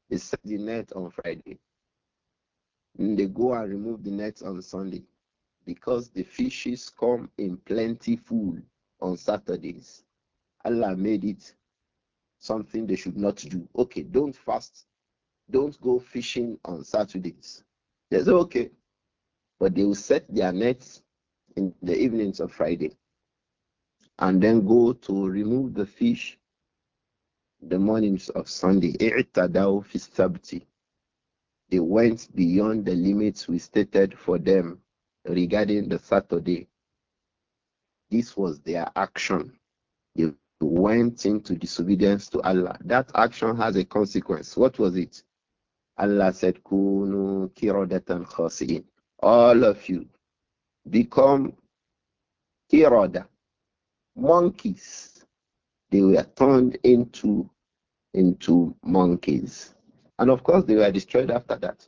They set the net on Friday. And they go and remove the nets on Sunday because the fishes come in plentiful on Saturdays. Allah made it something they should not do. Okay, don't fast. Don't go fishing on Saturdays. They say, okay. But they will set their nets in the evenings of Friday and then go to remove the fish the mornings of Sunday. They went beyond the limits we stated for them regarding the Saturday this was their action. They went into disobedience to Allah. That action has a consequence. What was it? Allah said, Kunu kirodatan khasin." All of you become kiroda, monkeys. They were turned into, into monkeys. And of course, they were destroyed after that.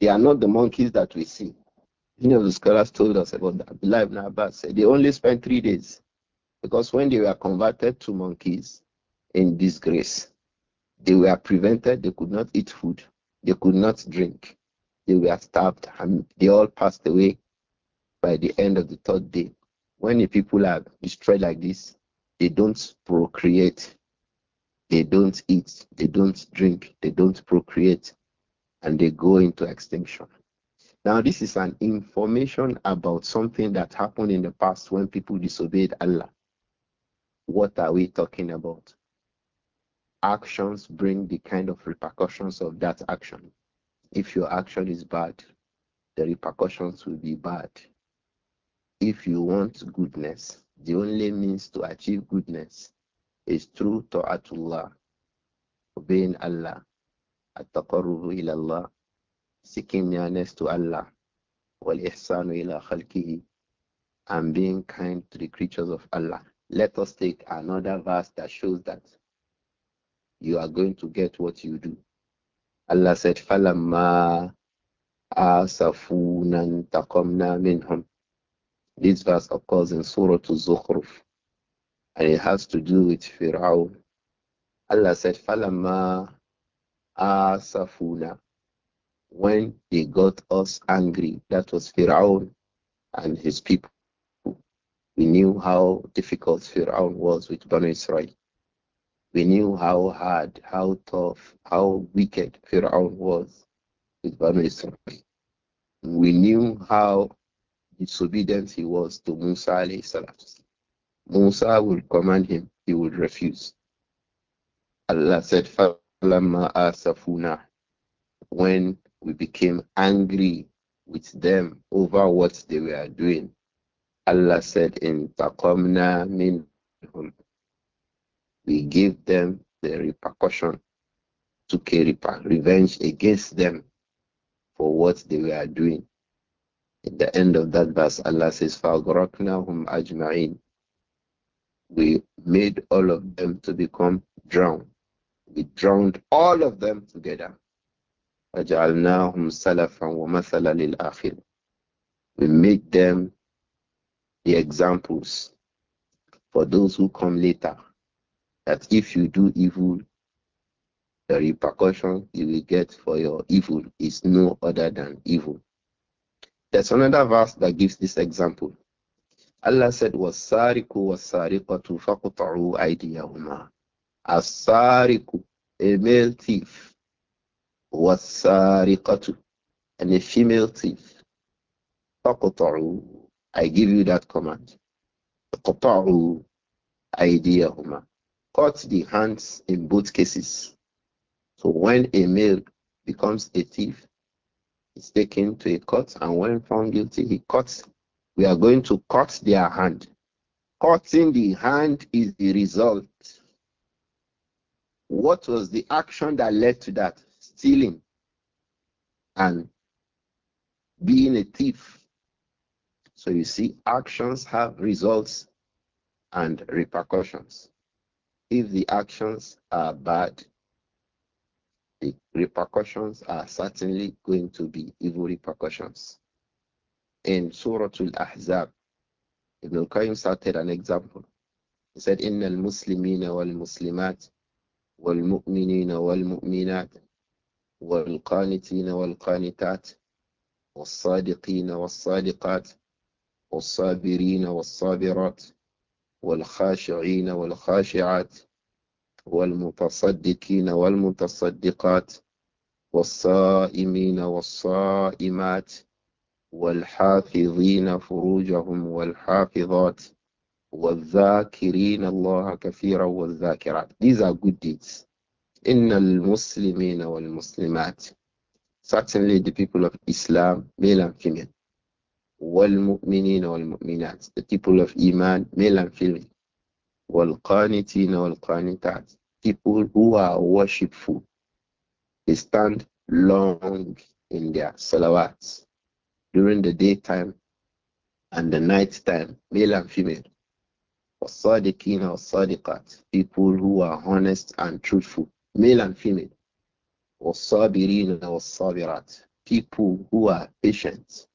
They are not the monkeys that we see. Many of the scholars told us about that. Abdullah ibn Abbas said they only spent three days because when they were converted to monkeys in disgrace, they were prevented, they could not eat food, they could not drink, they were starved, and they all passed away by the end of the third day. When the people are destroyed like this, they don't procreate, they don't eat, they don't drink, they don't procreate, and they go into extinction. Now, this is an information about something that happened in the past when people disobeyed Allah. What are we talking about? Actions bring the kind of repercussions of that action. If your action is bad, the repercussions will be bad. If you want goodness, the only means to achieve goodness is through ta'atullah, obeying Allah, at-taqarrubu ila Allah, seeking nearness to Allah, wal ihsanu ila khalqihi, and being kind to the creatures of Allah. Let us take another verse that shows that you are going to get what you do. Allah said, Falamma asafunan taqamna minhum. This verse occurs in Surah Zukhruf and it has to do with Fir'aun. Allah said, Falamma asafuna when he got us angry. That was Firaun and his people. We knew how difficult Firaun was with Banu Israel. We knew how hard, how tough, how wicked Firaun was with Banu Israel. We knew how disobedient he was to Musa Musa would command him, he would refuse. Allah said, asafuna. When we became angry with them over what they were doing. Allah said in Taqamna min we give them the repercussion, to carry revenge against them for what they were doing. In the end of that verse, Allah says, فَأَغْرَقْنَاهُمْ أَجْمَعِينَ We made all of them to become drowned. We drowned all of them together. We make them the examples for those who come later that if you do evil, the repercussion you will get for your evil is no other than evil. There's another verse that gives this example. Allah said, "Wasariku والسارقة وَالسَّارِقَةُ فَقُطَعُوا أَيْدِيَهُمَا As-sariqu, a male thief, وَالسَّارِقَةُ And a female thief. تَقْطَعُ I give you that command. تَقْطَعُ أَيْدِيَهُمَا Cut the hands in both cases. So when a male becomes a thief, he's taken to a court, and when found guilty, he cuts. We are going to cut their hand. Cutting the hand is the result. What was the action that led to that? stealing and being a thief. So you see, actions have results and repercussions. If the actions are bad, the repercussions are certainly going to be evil repercussions. In Surah Al-Ahzab, Ibn al-Qayyim started an example. He said, al-Muslimina wal-Muslimat wal وَالْمُسْلِمَاتِ wal-Mu'minat." والقانتين والقانتات والصادقين والصادقات والصابرين والصابرات والخاشعين والخاشعات والمتصدقين والمتصدقات والصائمين والصائمات والحافظين فروجهم والحافظات والذاكرين الله كثيرا والذاكرات These are good deeds. إن المسلمين والمسلمات certainly the people of Islam male and female والمؤمنين والمؤمنات the people of Iman male and female والقانتين والقانتات people who are worshipful they stand long in their salawats during the daytime and the night time, male and female. Wasadiqin or Sadiqat, people who are honest and truthful male and female. والصابرين والصابرات people who are patient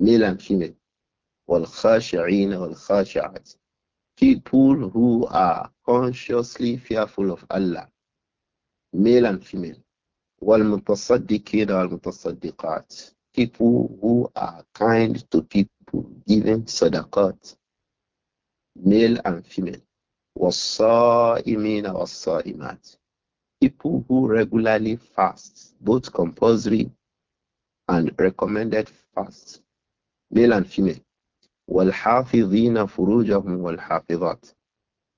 male and female والخاشعين والخاشعات people who are consciously fearful of Allah male and female والمتصدقين والمتصدقات people who are kind to people giving sadaqat male and female والصائمين والصائمات people who regularly fast, both compulsory and recommended fasts, male and female. وَالْحَافِظِينَ فُرُوجَهُمْ وَالْحَافِظَاتِ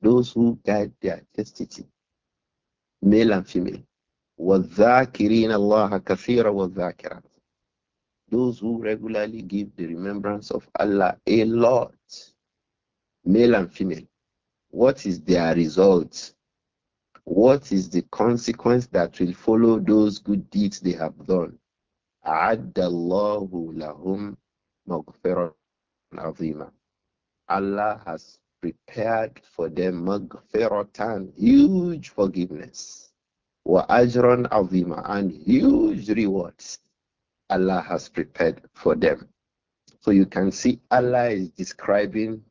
Those who guide their chastity, male and female. وَالذَّاكِرِينَ اللَّهَ كَثِيرًا وَالذَّاكِرَاتِ Those who regularly give the remembrance of Allah a lot, male and female. What is their result? What is the consequence that will follow those good deeds they have done? Adallahu lahum azima. Allah has prepared for them maghfiratan, huge forgiveness, wa ajran azima, and huge rewards Allah has prepared for them. So you can see Allah is describing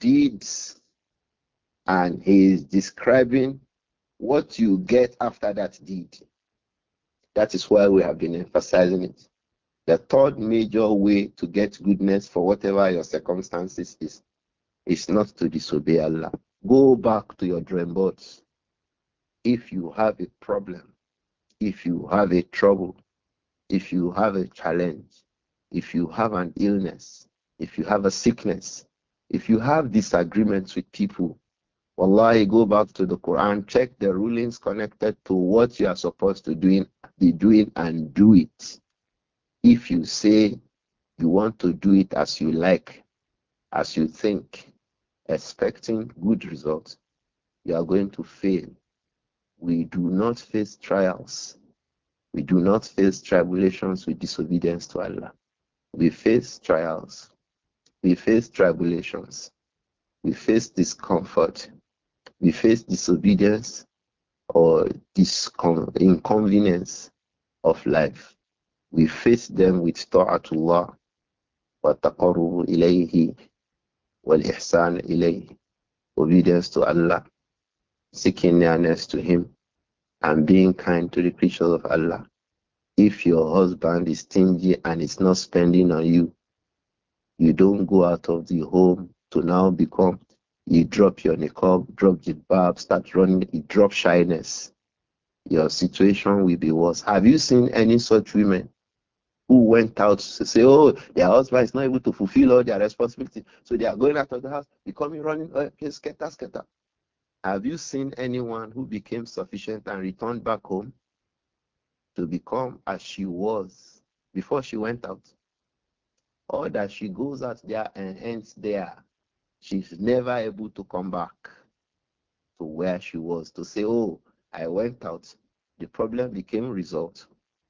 deeds and he is describing what you get after that deed. That is why we have been emphasizing it. The third major way to get goodness for whatever your circumstances is, is not to disobey Allah. Go back to your dream boards. If you have a problem, if you have a trouble, if you have a challenge, if you have an illness, if you have a sickness, if you have disagreements with people, Wallahi, go back to the Quran, check the rulings connected to what you are supposed to doing, be doing, and do it. If you say you want to do it as you like, as you think, expecting good results, you are going to fail. We do not face trials. We do not face tribulations with disobedience to Allah. We face trials. We face tribulations. We face discomfort we face disobedience or discon- inconvenience of life. We face them with ta'atullah wa taqarrub ilayhi wal ihsan ilayhi. Obedience to Allah, seeking nearness to Him, and being kind to the creatures of Allah. If your husband is stingy and is not spending on you, you don't go out of the home to now become you drop your niqab, drop your jilbab, start running, you drop shyness. Your situation will be worse. Have you seen any such women who went out to say, oh, their husband is not able to fulfill all their responsibilities, so they are going out of the house, becoming running, uh, skitter, skitter. Have you seen anyone who became sufficient and returned back home to become as she was before she went out? Or that she goes out there and ends there she's never able to come back to where she was to say, Oh, I went out, the problem became resolved,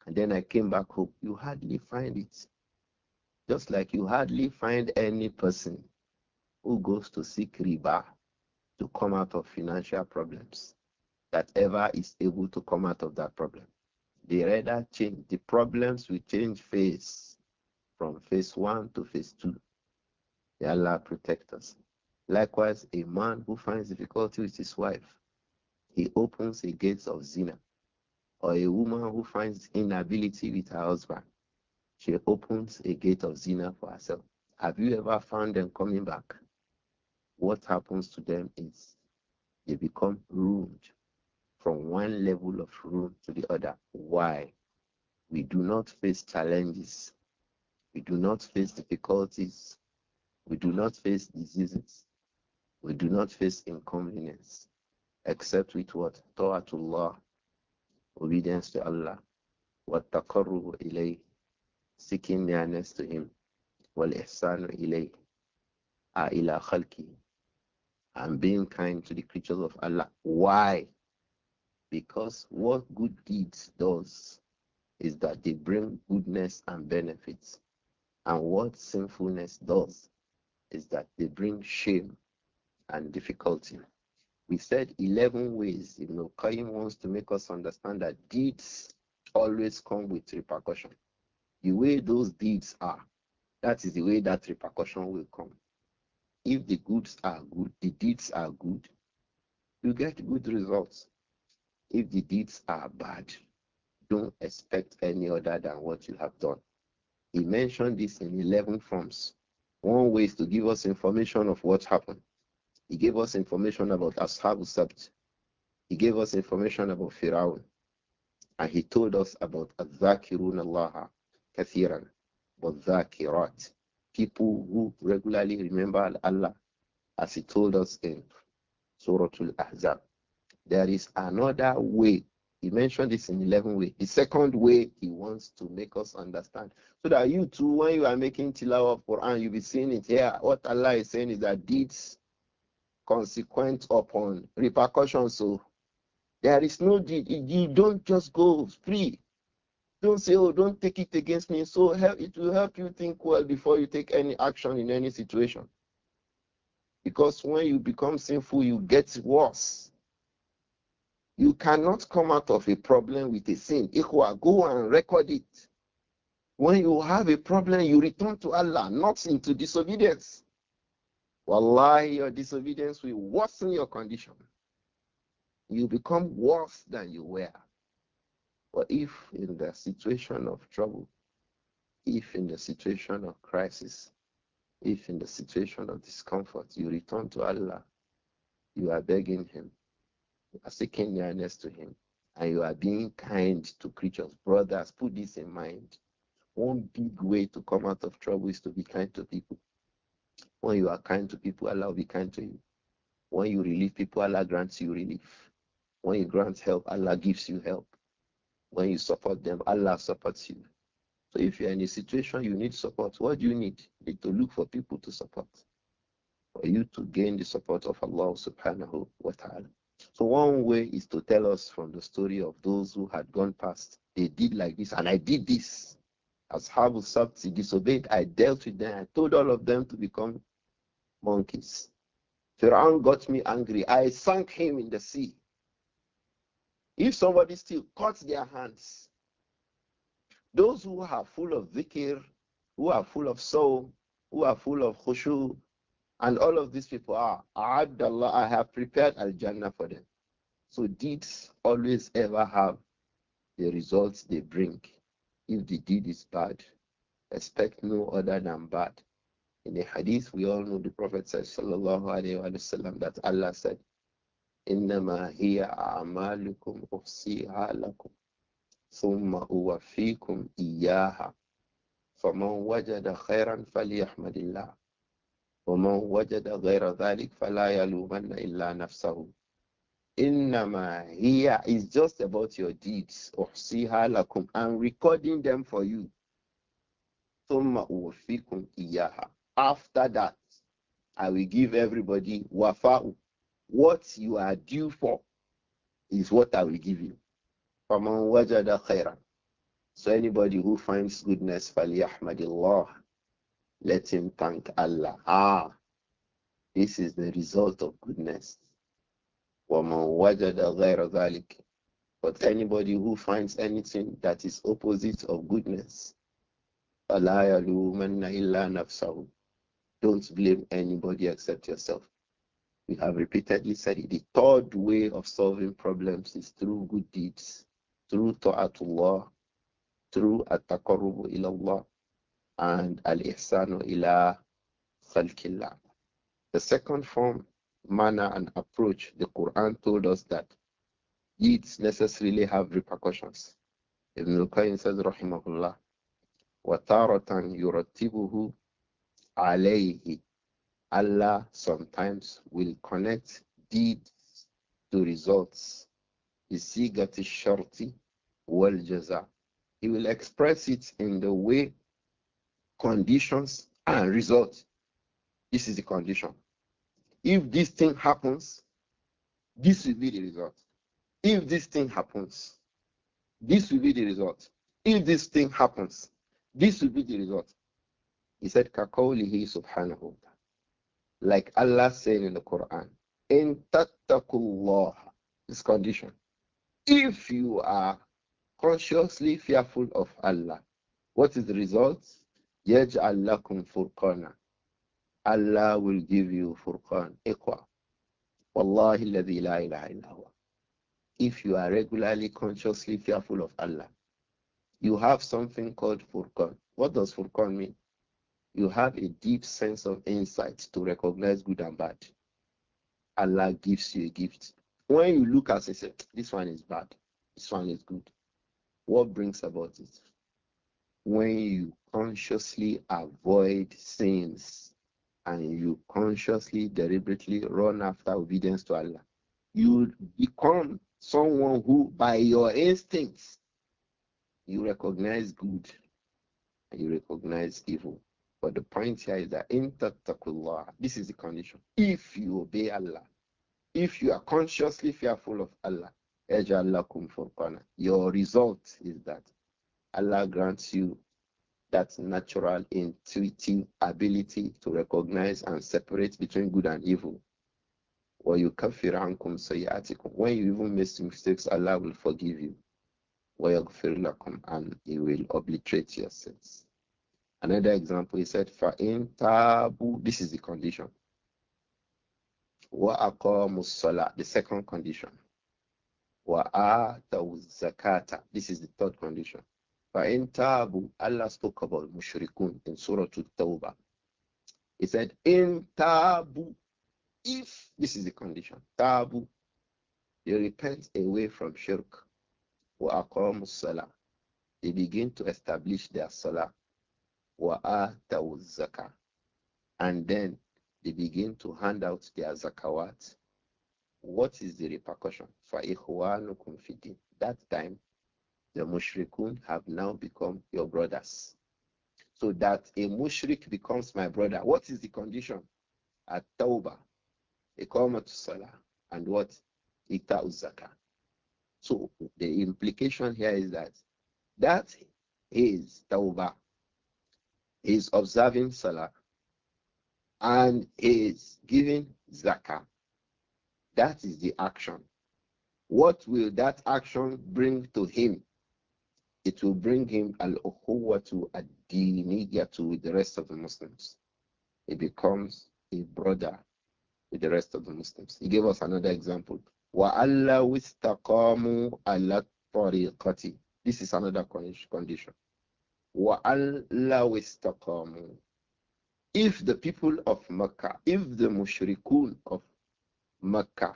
and then I came back home. You hardly find it. Just like you hardly find any person who goes to seek riba to come out of financial problems that ever is able to come out of that problem. They rather change the problems, we change phase from phase one to phase two May Allah protect us. Likewise, a man who finds difficulty with his wife, he opens the gates of zina. Or a woman who finds inability with her husband, she opens a gate of zina for herself. Have you ever found them coming back? What happens to them is they become ruined from one level of room to the other. Why? We do not face challenges. We do not face difficulties we do not face diseases. We do not face inconvenience except with what? Ta'atullah, obedience to Allah, what taqarrubu ilay, seeking nearness to Him, wal ihsanu ilay, ila khalki, and being kind to the creatures of Allah. Why? Because what good deeds does is that they bring goodness and benefits, and what sinfulness does is that they bring shame and difficulty. We said 11 ways. You know, Qayyim wants to make us understand that deeds always come with repercussion. The way those deeds are, that is the way that repercussion will come. If the goods are good, the deeds are good, you get good results. If the deeds are bad, don't expect any other than what you have done. He mentioned this in 11 forms. One way is to give us information of what happened. He gave us information about Ashabu Sabt. He gave us information about Firaun. And he told us about Azakirun Allah Kathiran, but Zakirat. People who regularly remember Allah, as he told us in Surah Al Ahzab. There is another way he mentioned this in 11 way. The second way he wants to make us understand. So that you too, when you are making tilawah for Quran, you'll be seeing it here. What Allah is saying is that deeds consequent upon repercussions. So there is no deed. You don't just go free. Don't say, oh, don't take it against me. So help, it will help you think well before you take any action in any situation. Because when you become sinful, you get worse. You cannot come out of a problem with a sin. Ikhwa, go and record it. When you have a problem, you return to Allah, not into disobedience. Wallahi, your disobedience will worsen your condition. You become worse than you were. But if in the situation of trouble, if in the situation of crisis, if in the situation of discomfort, you return to Allah, you are begging Him you seeking nearness to Him and you are being kind to creatures. Brothers, put this in mind. One big way to come out of trouble is to be kind to people. When you are kind to people, Allah will be kind to you. When you relieve people, Allah grants you relief. When you grant help, Allah gives you help. When you support them, Allah supports you. So if you're in a situation you need support, what do you need? You need to look for people to support. For you to gain the support of Allah subhanahu wa ta'ala. So one way is to tell us from the story of those who had gone past. They did like this, and I did this. As Habu Sabti disobeyed, I dealt with them. I told all of them to become monkeys. Pharaoh got me angry. I sank him in the sea. If somebody still cuts their hands, those who are full of dhikr, who are full of soul, who are full of khushu, and all of these people are, Abdullah, I have prepared Al Jannah for them. So deeds always ever have the results they bring. If the deed is bad, expect no other than bad. In the hadith, we all know the Prophet says, Sallallahu Alaihi Wasallam, that Allah said, إنما هي أعمالكم أحصيها لكم ثم أوفيكم إياها فمن وجد khairan فليحمد ومن وجد غير ذلك فلا يلومن إلا نفسه إنما هي is just about your deeds أحصيها لكم I'm recording them for you ثم أوفيكم إياها after that I will give everybody wafa'u what you are due for is what I will give you فمن وجد خيرا so anybody who finds goodness فليحمد الله let him thank Allah. Ah, this is the result of goodness. But anybody who finds anything that is opposite of goodness, don't blame anybody except yourself. We have repeatedly said it. The third way of solving problems is through good deeds, through ta'atullah, through at-taqarrubu ilallah, and al-ihsanu ila khalqillah. The second form, manner and approach, the Quran told us that deeds necessarily have repercussions. Ibn al-Qayyim says, rahimahullah, وَتَارَةً يُرَتِّبُهُ عَلَيْهِ Allah sometimes will connect deeds to results. بِسِيغَةِ الشَّرْطِ وَالْجَزَاءِ He will express it in the way conditions and results. This is the condition. If this thing happens, this will be the result. If this thing happens, this will be the result. If this thing happens, this will be the result. He said, Kakawlihi subhanahu wa Like Allah said in the Quran, In tattakullah, this condition. If you are consciously fearful of Allah, what is the result? Yaj'al lakum furqana. Allah will give you furqan, iqwa. Wallahi alladhi la ilaha If you are regularly consciously fearful of Allah, you have something called furqan. What does furqan mean? You have a deep sense of insight to recognize good and bad. Allah gives you a gift. When you look at it, say, this one is bad, this one is good. What brings about it? When you consciously avoid sins and you consciously, deliberately run after obedience to Allah, you become someone who, by your instincts, you recognize good and you recognize evil. But the point here is that in tattaqullah, this is the condition. If you obey Allah, if you are consciously fearful of Allah, your result is that Allah grants you that natural intuitive ability to recognize and separate between good and evil. Or you kafir ankum sayyatikum. When you even make mistakes, Allah will forgive you. وَيَغْفِرْ لَكُمْ And He will obliterate your sins. Another example, he said, in tabu, This is the condition. وَأَقَامُوا الصَّلَاةِ The second condition. وَآتَوُ zakata, This is the third condition. فَإِن تَابُوا Allah spoke about mushrikun in Surah At-Tawbah. He said, In tabu, if this is the condition, tabu, they repent away from shirk, wa aqamu salah, they begin to establish their salah, wa atawu zakah, and then they begin to hand out their zakawat. What is the repercussion? Fa ikhwanukum fidin. That time, the mushrikun have now become your brothers. So that a mushrik becomes my brother. What is the condition? At tawbah, to salah, and what? Ita uzaka. So the implication here is that that is tawbah. Is observing salah and is giving zakah. That is the action. What will that action bring to him? it will bring him al to ad-diniyatu with the rest of the Muslims. He becomes a brother with the rest of the Muslims. He gave us another example. وَأَلَّا وِسْتَقَامُوا al الطَّرِيقَةِ This is another condition. Wa وِسْتَقَامُوا If the people of Mecca, if the mushrikun of Mecca,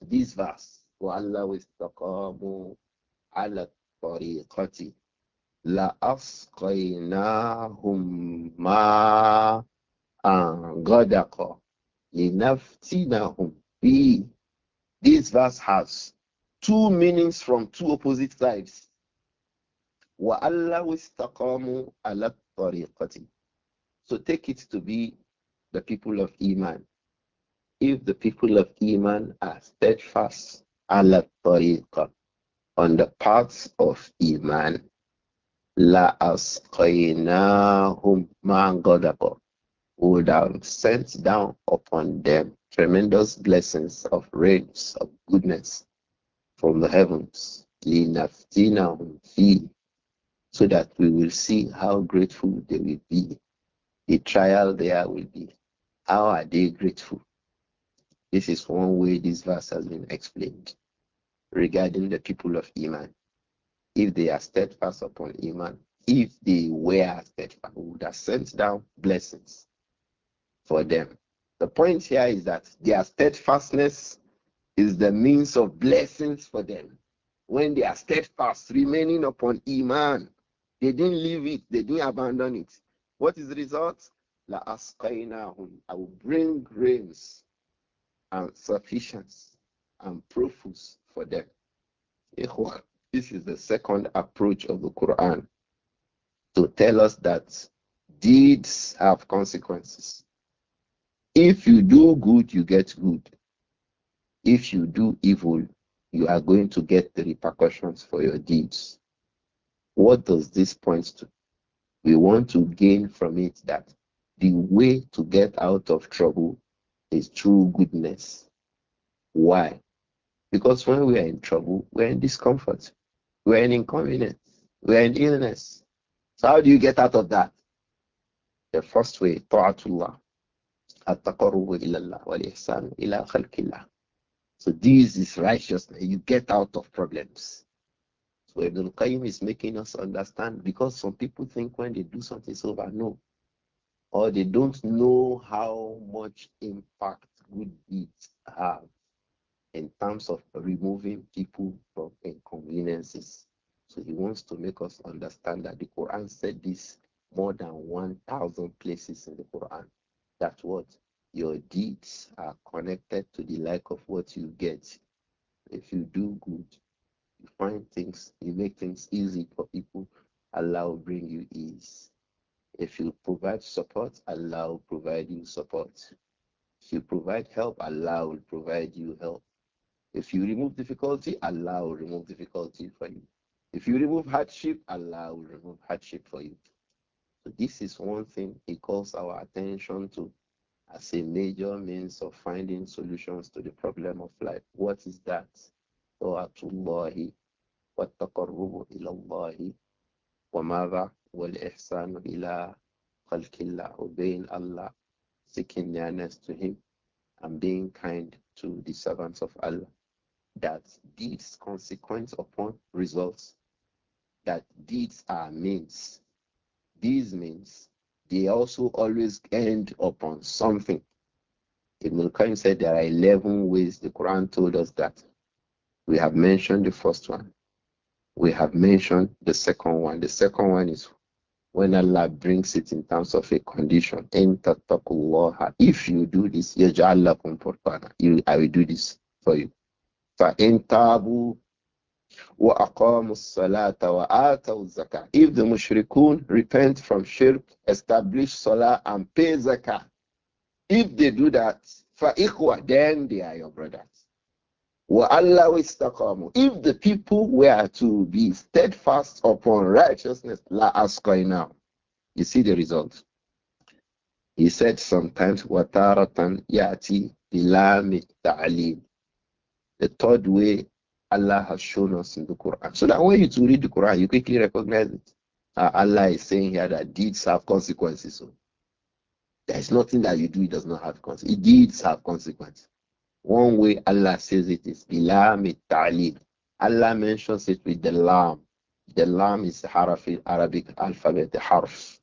this verse, وَأَلَّا al عَلَى لأسقيناهم ماء غدق لنفتنهم فيه This verse has two meanings from two opposite sides. عَلَى الطَّرِيقَةِ So take it to be the people of Iman. If the people of Iman are steadfast, عَلَى الطَّرِيقَةِ on the paths of Iman, La Asqainahum Mangodabo would have sent down upon them tremendous blessings of rains of goodness from the heavens, Linaftinahum Fi, so that we will see how grateful they will be. The trial there will be. How are they grateful? This is one way this verse has been explained regarding the people of Iman. If they are steadfast upon Iman, if they were steadfast, would have sent down blessings for them. The point here is that their steadfastness is the means of blessings for them. When they are steadfast, remaining upon Iman, they didn't leave it, they didn't abandon it. What is the result? La I will bring grains and sufficiency and proofs for them. This is the second approach of the Quran to tell us that deeds have consequences. If you do good, you get good. If you do evil, you are going to get the repercussions for your deeds. What does this point to? We want to gain from it that the way to get out of trouble is through goodness. Why? Because when we are in trouble, we're in discomfort, we're in inconvenience, we're in illness. So how do you get out of that? The first way, ta'atullah. التقرب إلى الله والإحسان إلى خلق الله. So this is righteousness. You get out of problems. So Ibn Qayyim is making us understand because some people think when they do something so I no. Or they don't know how much impact good deeds have in terms of removing people from inconveniences. So he wants to make us understand that the Quran said this more than 1,000 places in the Quran. That what your deeds are connected to the like of what you get. If you do good, you find things, you make things easy for people, Allah will bring you ease. If you provide support, Allah will provide you support. If you provide help, Allah will provide you help. If you remove difficulty, Allah will remove difficulty for you. If you remove hardship, Allah will remove hardship for you. So this is one thing he calls our attention to as a major means of finding solutions to the problem of life. What is that? Ta'atullahi wa taqarrubu ilallahi wa madha wal ihsanu ila obeying Allah, seeking nearness to Him, and being kind to the servants of Allah that deeds consequence upon results, that deeds are means. These means, they also always end upon something. Ibn Qayyim said there are 11 ways the Quran told us that. We have mentioned the first one. We have mentioned the second one. The second one is when Allah brings it in terms of a condition. If you do this, I will do this for you. فَإِن تَابُوا وَأَقَامُوا الصَّلَاةَ وَآتَوُا الزَّكَاةَ If the mushrikun repent from shirk, establish salah and pay zakat. if they do that, فَإِخْوَةً Then they are your brothers. وَأَلَّهُ إِسْتَقَامُوا If the people were to be steadfast upon righteousness, la لَأَسْقَيْنَا You see the result. He said sometimes, وَتَارَةً يَأْتِي بِلَامِ التَّعْلِيمِ the third way Allah has shown us in the Quran. So that when you to read the Quran, you quickly recognize it. Uh, Allah is saying here that deeds have consequences. So there's nothing that you do, it does not have consequences. Deeds have consequences. One way Allah says it is bilam ta'lid. Allah mentions it with the lam. The lam is the in Arabic alphabet, the harf.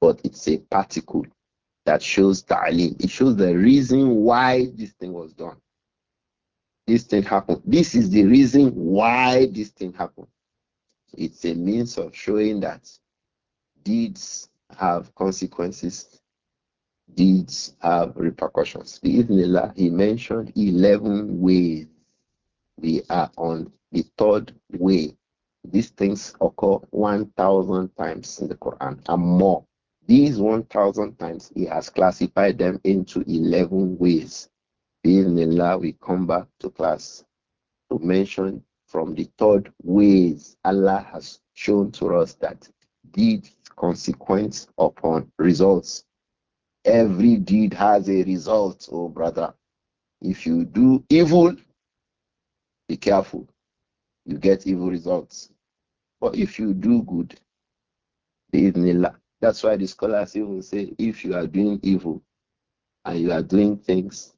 But it's a particle that shows ta'lid. It shows the reason why this thing was done this thing happened. This is the reason why this thing happened. It's a means of showing that deeds have consequences, deeds have repercussions. he mentioned 11 ways. We are on the third way. These things occur 1,000 times in the Quran and more. These 1,000 times, he has classified them into 11 ways. In Bismillah, we come back to class to mention from the third ways Allah has shown to us that deeds consequence upon results. Every deed has a result, oh brother. If you do evil, be careful. You get evil results. But if you do good, That's why the scholars even say if you are doing evil and you are doing things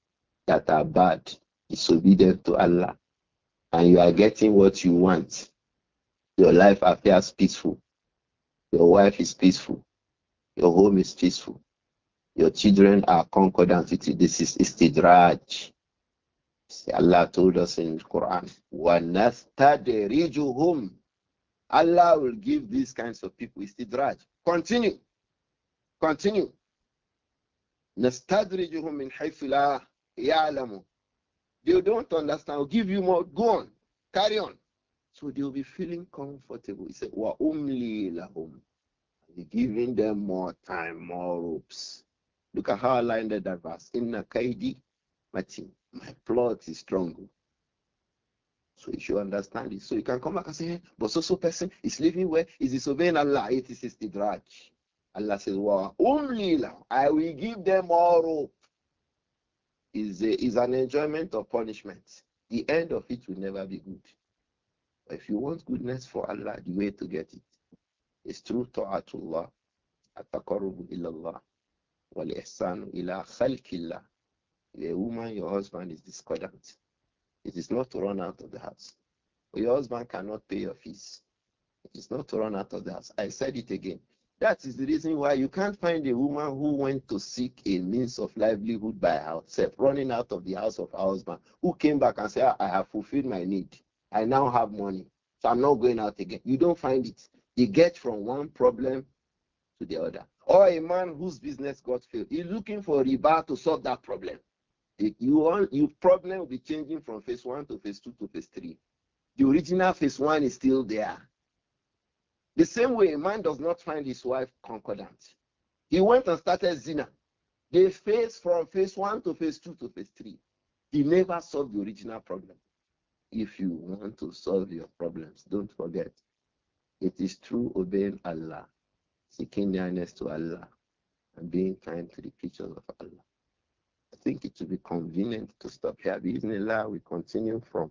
that are bad disobedient obedient to Allah and you are getting what you want. Your life appears peaceful. Your wife is peaceful. Your home is peaceful. Your children are concordant with you. This is istidraj. Allah told us in the Quran, وَنَسْتَدْرِجُهُمْ Allah will give these kinds of people istidraj. Continue. Continue. نَسْتَدْرِجُهُمْ مِنْ in لَا they don't understand. I'll give you more. Go on. Carry on. So they'll be feeling comfortable. He said, Wa umli lahum. He's giving them more time, more ropes. Look at how I lined that verse. Inna kaidi matin. My plot is strong. So you should understand it. So you can come back and say, hey, but so so person is living where is disobeying Allah. It is his idraj. Allah says, Wa umli lahum. I will give them more is, a, is an enjoyment of punishment. The end of it will never be good. But if you want goodness for Allah, the way to get it is through ta'atullah, at-taqarrub ilallah, wal ihsanu ila khalqillah. you a woman, your husband is discordant. It is not to run out of the house. Your husband cannot pay your fees. It is not to run out of the house. I said it again. That is the reason why you can't find a woman who went to seek a means of livelihood by herself, running out of the house of her husband, who came back and said, I have fulfilled my need. I now have money. So I'm not going out again. You don't find it. You get from one problem to the other. Or a man whose business got failed. He's looking for a rebirth to solve that problem. If you want your problem will be changing from phase one to phase two to phase three. The original phase one is still there. The same way a man does not find his wife concordant. He went and started zina. They faced from phase one to phase two to phase three. He never solved the original problem. If you want to solve your problems, don't forget it is through obeying Allah, seeking nearness to Allah, and being kind to the creatures of Allah. I think it will be convenient to stop here. Bismillah, we continue from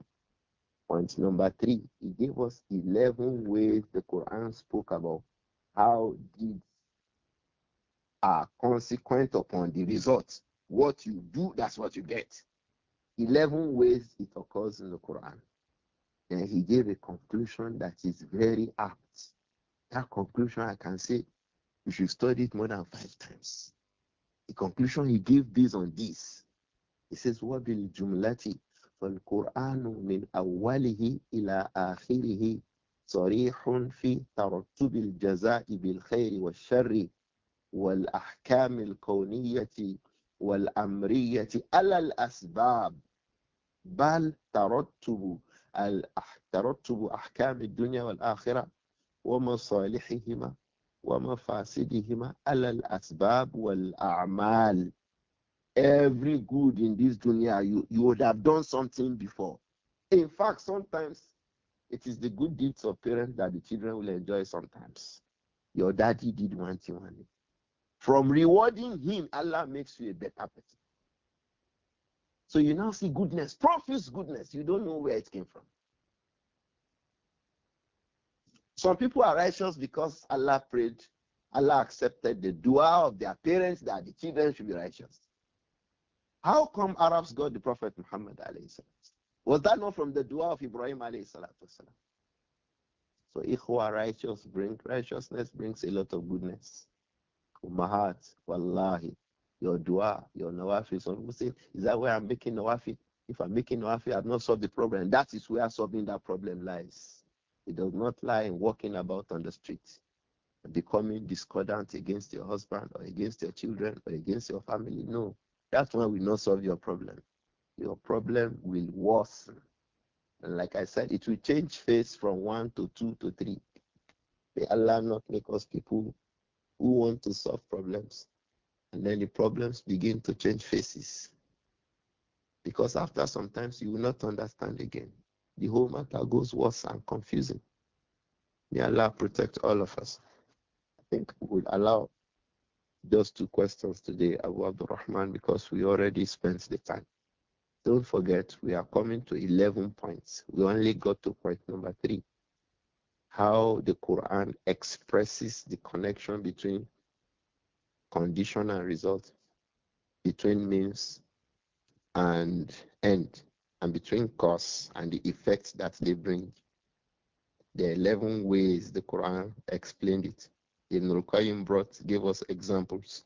Point number three, he gave us 11 ways the Quran spoke about how deeds are consequent upon the result. What you do, that's what you get. 11 ways it occurs in the Quran. And he gave a conclusion that is very apt. That conclusion, I can say, you should study it more than five times. The conclusion he gave based on this, he says, What will Jumlati فالقرآن من أوله إلى آخره صريح في ترتب الجزاء بالخير والشر والأحكام الكونية والأمرية على الأسباب بل ترتب ترتب أحكام الدنيا والآخرة ومصالحهما ومفاسدهما على الأسباب والأعمال every good in this dunya, you, you would have done something before. In fact, sometimes it is the good deeds of parents that the children will enjoy sometimes. Your daddy did one thing, one From rewarding him, Allah makes you a better person. So you now see goodness, profuse goodness. You don't know where it came from. Some people are righteous because Allah prayed, Allah accepted the dua of their parents that the children should be righteous. How come Arabs got the Prophet Muhammad Was that not from the dua of Ibrahim So ikhwa righteous bring righteousness brings a lot of goodness. heart, wallahi, your dua, your nawafi. Some people say, is that where I'm making nawafi? If I'm making nawafi, I've not solved the problem. That is where solving that problem lies. It does not lie in walking about on the street, becoming discordant against your husband or against your children or against your family. No. That one will not solve your problem. Your problem will worsen. And like I said, it will change face from one to two to three. May Allah not make us people who want to solve problems. And then the problems begin to change faces. Because after sometimes you will not understand again. The whole matter goes worse and confusing. May Allah protect all of us. I think we'll allow just two questions today, Abu Abdul Rahman, because we already spent the time. Don't forget, we are coming to 11 points. We only got to point number three how the Quran expresses the connection between condition and result, between means and end, and between cause and the effects that they bring. The 11 ways the Quran explained it. In al brought, gave us examples.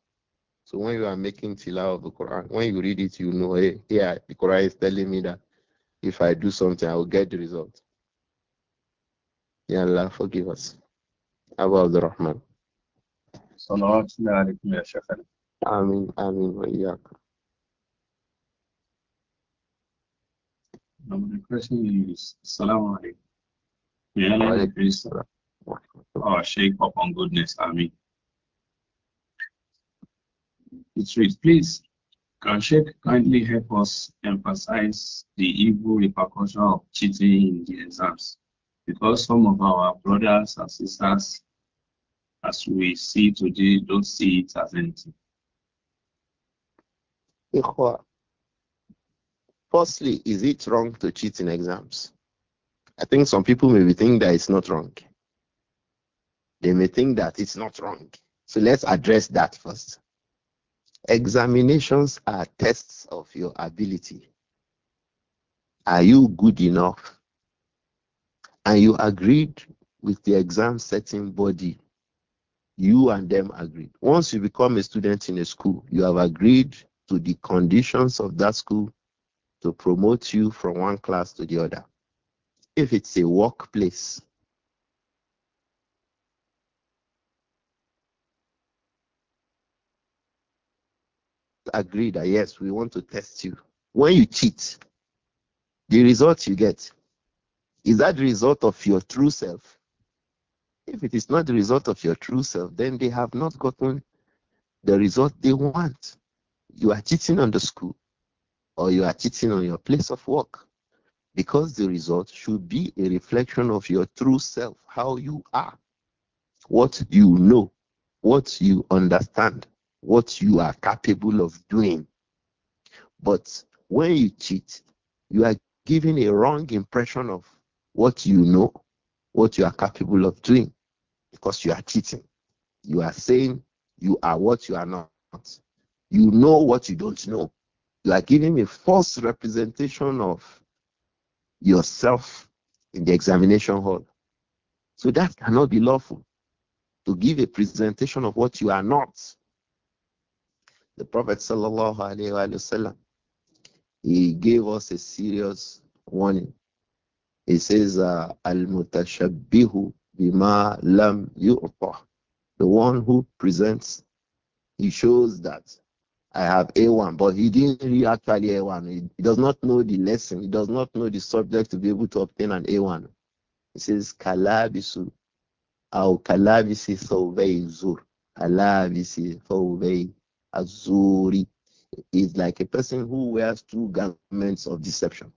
So when you are making tilaw of the Quran, when you read it, you know, hey, yeah, the Quran is telling me that if I do something, I will get the result. Ya Allah, forgive us. Abu Abdul Rahman. صلواتنا عليكم يا شيخنا. آمين آمين وإياكم. Number question is Assalamu alaikum. May Allah our oh, shake upon goodness. I mean, it reads, please, can Sheikh kindly help us emphasize the evil repercussion of cheating in the exams? Because some of our brothers and sisters, as we see today, don't see it as anything. Firstly, is it wrong to cheat in exams? I think some people may be thinking that it's not wrong. They may think that it's not wrong. So let's address that first. Examinations are tests of your ability. Are you good enough? And you agreed with the exam setting body. You and them agreed. Once you become a student in a school, you have agreed to the conditions of that school to promote you from one class to the other. If it's a workplace, agree that yes, we want to test you. When you cheat, the result you get is that the result of your true self? If it is not the result of your true self, then they have not gotten the result they want. You are cheating on the school or you are cheating on your place of work because the result should be a reflection of your true self, how you are, what you know, what you understand what you are capable of doing. But when you cheat, you are giving a wrong impression of what you know, what you are capable of doing, because you are cheating. You are saying you are what you are not. You know what you don't know. You are giving a false representation of yourself in the examination hall. So that cannot be lawful to give a presentation of what you are not the Prophet sallallahu alaihi wasallam he gave us a serious warning. He says, uh, "Al bima lam The one who presents, he shows that I have A1, but he didn't really actually A1. He, he does not know the lesson. He does not know the subject to be able to obtain an A1. He says, "Kalabisu aw kalabisi zur." Kalabisi thawbay Azuri is like a person who wears two garments of deception.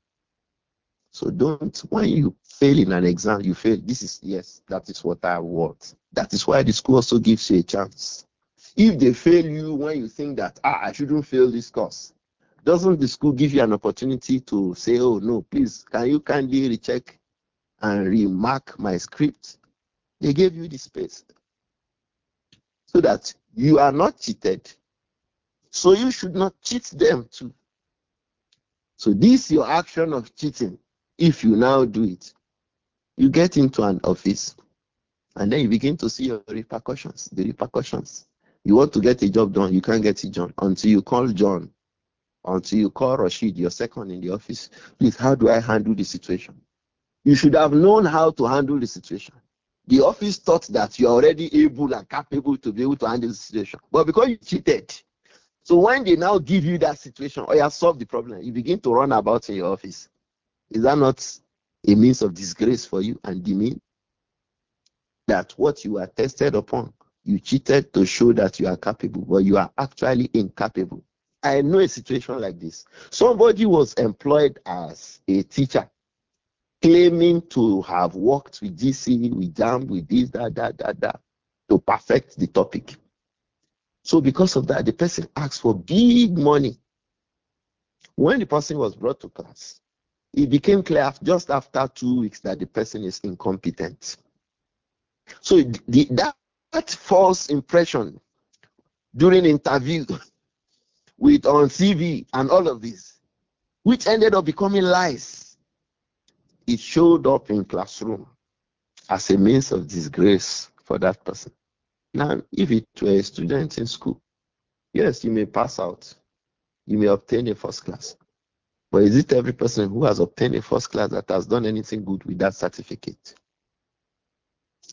So don't, when you fail in an exam, you fail. This is, yes, that is what I want. That is why the school also gives you a chance. If they fail you when you think that, ah, I shouldn't fail this course, doesn't the school give you an opportunity to say, oh, no, please, can you kindly recheck and remark my script? They gave you the space so that you are not cheated so you should not cheat them too. So this your action of cheating, if you now do it, you get into an office and then you begin to see your repercussions, the repercussions. You want to get a job done, you can't get it done until you call John, until you call Rashid, your second in the office. Please, how do I handle the situation? You should have known how to handle the situation. The office thought that you're already able and capable to be able to handle the situation. But because you cheated, so when they now give you that situation, or oh, you have solved the problem, you begin to run about in your office. Is that not a means of disgrace for you and demean? That what you are tested upon, you cheated to show that you are capable, but you are actually incapable. I know a situation like this. Somebody was employed as a teacher, claiming to have worked with GC, with JAM, with this, that, that, that, that, to perfect the topic. So because of that, the person asked for big money. When the person was brought to class, it became clear just after two weeks that the person is incompetent. So the, that, that false impression during interview with on CV and all of this, which ended up becoming lies, it showed up in classroom as a means of disgrace for that person. Now, if it were a student in school, yes, you may pass out, you may obtain a first class. But is it every person who has obtained a first class that has done anything good with that certificate?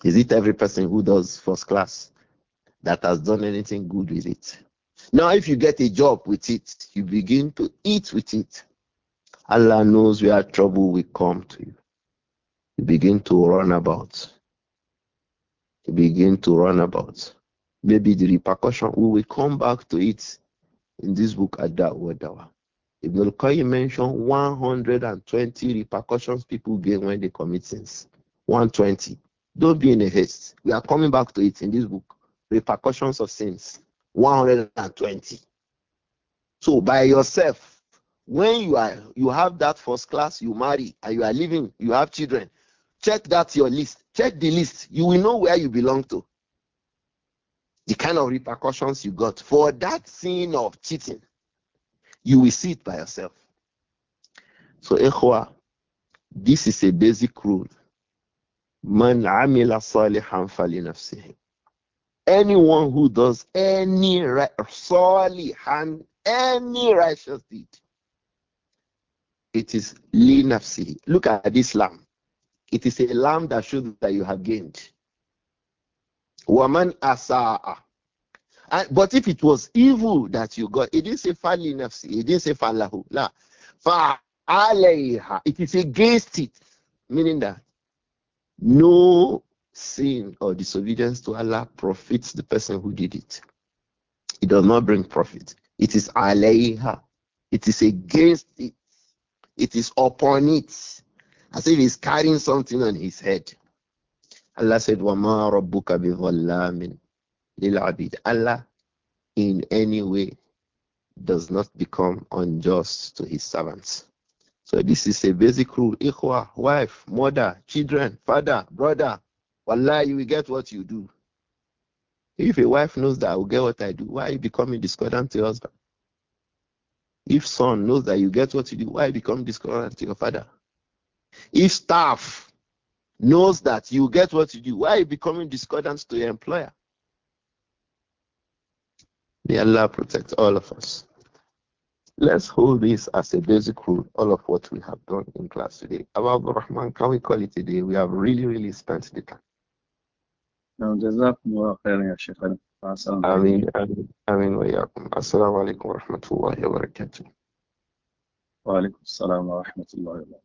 Is it every person who does first class that has done anything good with it? Now, if you get a job with it, you begin to eat with it. Allah knows where trouble will come to you. You begin to run about begin to run about. Maybe the repercussion, we will come back to it in this book, at that word Ibn al-Qayyim mentioned 120 repercussions people gain when they commit sins. 120. Don't be in a haste. We are coming back to it in this book. Repercussions of sins. 120. So by yourself, when you are you have that first class, you marry and you are living, you have children, Check that your list. Check the list. You will know where you belong to. The kind of repercussions you got for that sin of cheating. You will see it by yourself. So, Ikhwa, this is a basic rule. Man amila salihan fali Anyone who does any salihan, any righteous deed, it is li Look at this lamb. It is a lamb that shows that you have gained. Woman asa, But if it was evil that you got, it didn't say fali nafsi, it didn't say falahu. It is against it, meaning that no sin or disobedience to Allah profits the person who did it. It does not bring profit. It is alayha. It is against it. It is upon it as if he's carrying something on his head. Allah said, وَمَا رَبُّكَ بِظَلَّامٍ لِلْعَبِيدِ Allah in any way does not become unjust to his servants. So this is a basic rule. Ikhwa, wife, mother, children, father, brother. Wallah, you will get what you do. If a wife knows that I will get what I do, why becoming discordant to your husband? If son knows that you get what you do, why become discordant to your father? If staff knows that you get what you do, why are you becoming discordant to your employer? May Allah protect all of us. Let's hold this as a basic rule, all of what we have done in class today. Abu Rahman, can we call it today? We have really, really spent the time. نعم جزاكم الله خيرا يا شيخ مع السلامة آمين آمين